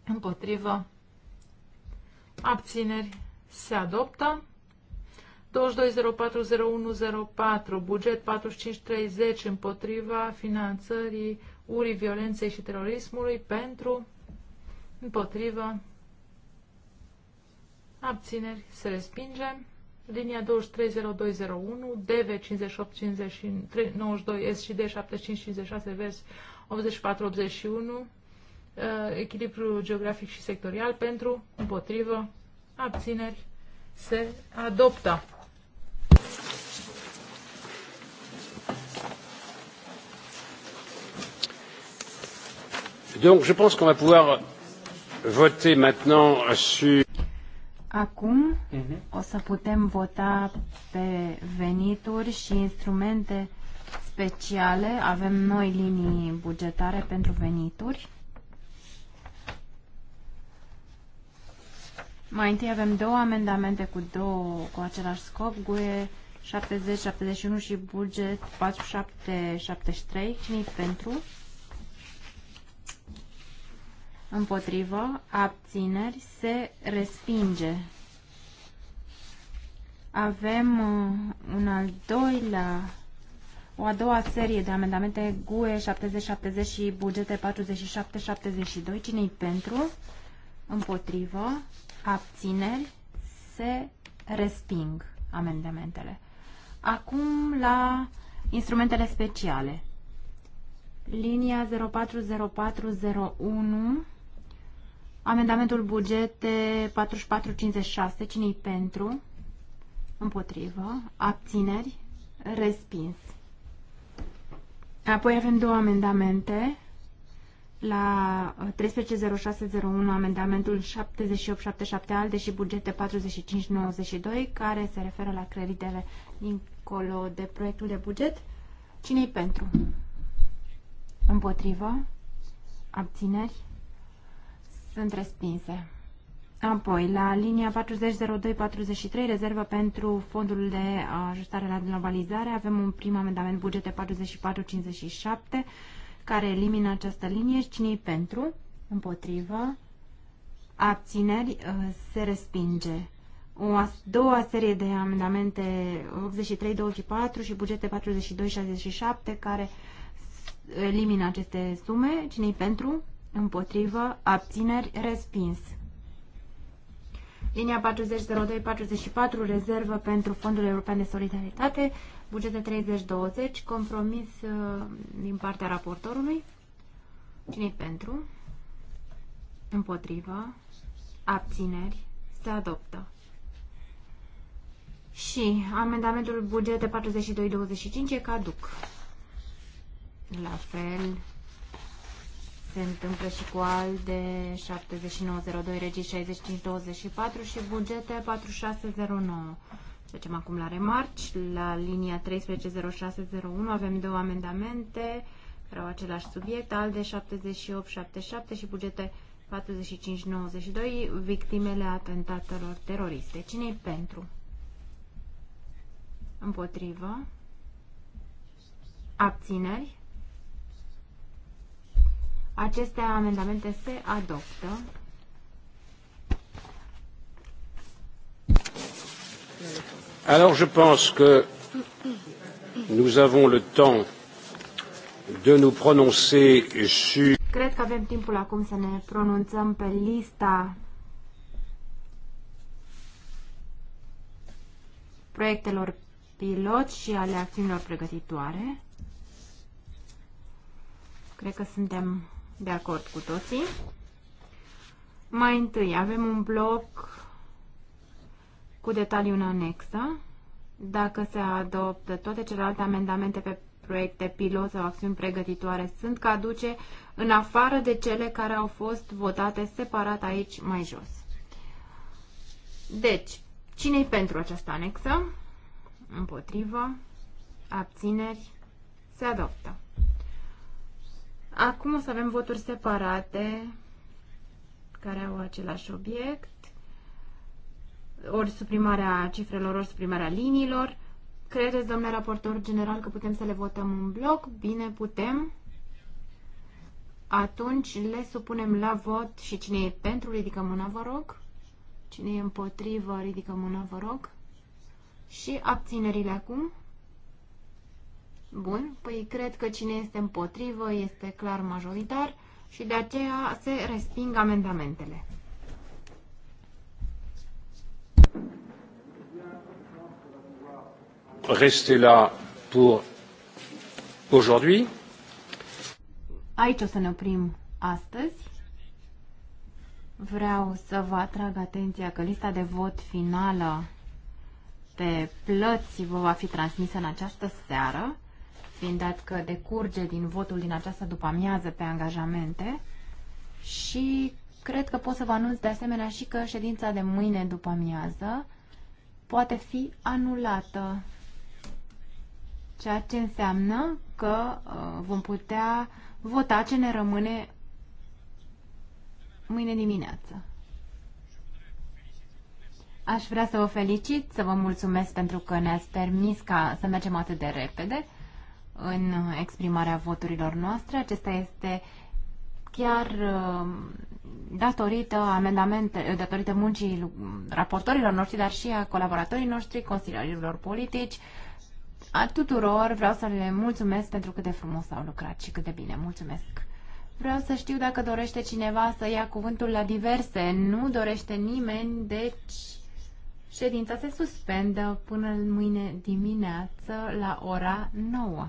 împotrivă abțineri se adoptă. 22040104, buget 4530 împotriva finanțării urii violenței și terorismului pentru, împotrivă, abțineri, se respinge. Linia 230201, DV 58592 S și D 7556, vers 8481, uh, echilibru geografic și sectorial pentru, împotrivă, abțineri, se adoptă. Donc, je pense qu'on va pouvoir voter maintenant sur... Acum mhm. o să putem vota pe venituri și instrumente speciale. Avem noi linii bugetare pentru venituri. Mai întâi avem două amendamente cu două cu același scop, GUE 70-71 și buget 47-73. Cine pentru? împotrivă, abțineri, se respinge. Avem uh, un al doilea, o a doua serie de amendamente GUE 7070 și bugete 4772. Cine-i pentru? Împotrivă, abțineri, se resping amendamentele. Acum la instrumentele speciale. Linia 040401 Amendamentul bugete 4456, cine-i pentru? Împotrivă. Abțineri? Respins. Apoi avem două amendamente. La 130601, uh, amendamentul 7877 al deși bugete 4592, care se referă la creditele dincolo de proiectul de buget. Cine-i pentru? Împotrivă? Abțineri? Sunt respinse. Apoi, la linia 400243, rezervă pentru fondul de ajustare la globalizare, avem un prim amendament bugete 4457, care elimină această linie Cine-i pentru? Împotrivă. Abțineri uh, se respinge. O a doua serie de amendamente 83-24 și bugete 42-67 care elimină aceste sume. Cine-i pentru? împotrivă, abțineri, respins. Linia 400244, rezervă pentru Fondul European de Solidaritate, bugete 3020, compromis uh, din partea raportorului. cine pentru? Împotrivă, abțineri, se adoptă. Și amendamentul bugete 4225 e caduc. La fel, se întâmplă și cu de 7902, regii 6524 și bugete 4609. Trecem acum la remarci. La linia 130601 avem două amendamente care au același subiect, de 7877 și bugete 4592, victimele atentatelor teroriste. Cine-i pentru? Împotrivă? Abțineri? Aceste amendamente se adoptă. Alors je pense que nous avons le temps de nous prononcer sur Cred că avem timpul acum să ne pronunțăm pe lista proiectelor pilot și ale acțiunilor pregătitoare. Cred că suntem de acord cu toții. Mai întâi avem un bloc cu detaliu în anexă. Dacă se adoptă toate celelalte amendamente pe proiecte pilot sau acțiuni pregătitoare sunt caduce în afară de cele care au fost votate separat aici mai jos. Deci, cine-i pentru această anexă? Împotrivă, abțineri, se adoptă. Acum o să avem voturi separate care au același obiect, ori suprimarea cifrelor, ori suprimarea liniilor. Credeți, domnule raportor general, că putem să le votăm în bloc? Bine, putem. Atunci le supunem la vot și cine e pentru, ridică mâna, vă rog. Cine e împotrivă, ridică mâna, vă rog. Și abținerile acum. Bun, păi cred că cine este împotrivă este clar majoritar și de aceea se resping amendamentele. Restez la, pour aujourd'hui. Aici o să ne oprim astăzi. Vreau să vă atrag atenția că lista de vot finală pe plăți vă va fi transmisă în această seară fiind dat că decurge din votul din această după-amiază pe angajamente și cred că pot să vă anunț de asemenea și că ședința de mâine după-amiază poate fi anulată, ceea ce înseamnă că uh, vom putea vota ce ne rămâne mâine dimineață. Aș vrea să vă felicit, să vă mulțumesc pentru că ne-ați permis ca să mergem atât de repede în exprimarea voturilor noastre. Acesta este chiar um, datorită amendamente, datorită muncii raportorilor noștri, dar și a colaboratorii noștri, consilierilor politici, a tuturor vreau să le mulțumesc pentru cât de frumos au lucrat și cât de bine. Mulțumesc! Vreau să știu dacă dorește cineva să ia cuvântul la diverse. Nu dorește nimeni, deci ședința se suspendă până mâine dimineață la ora 9.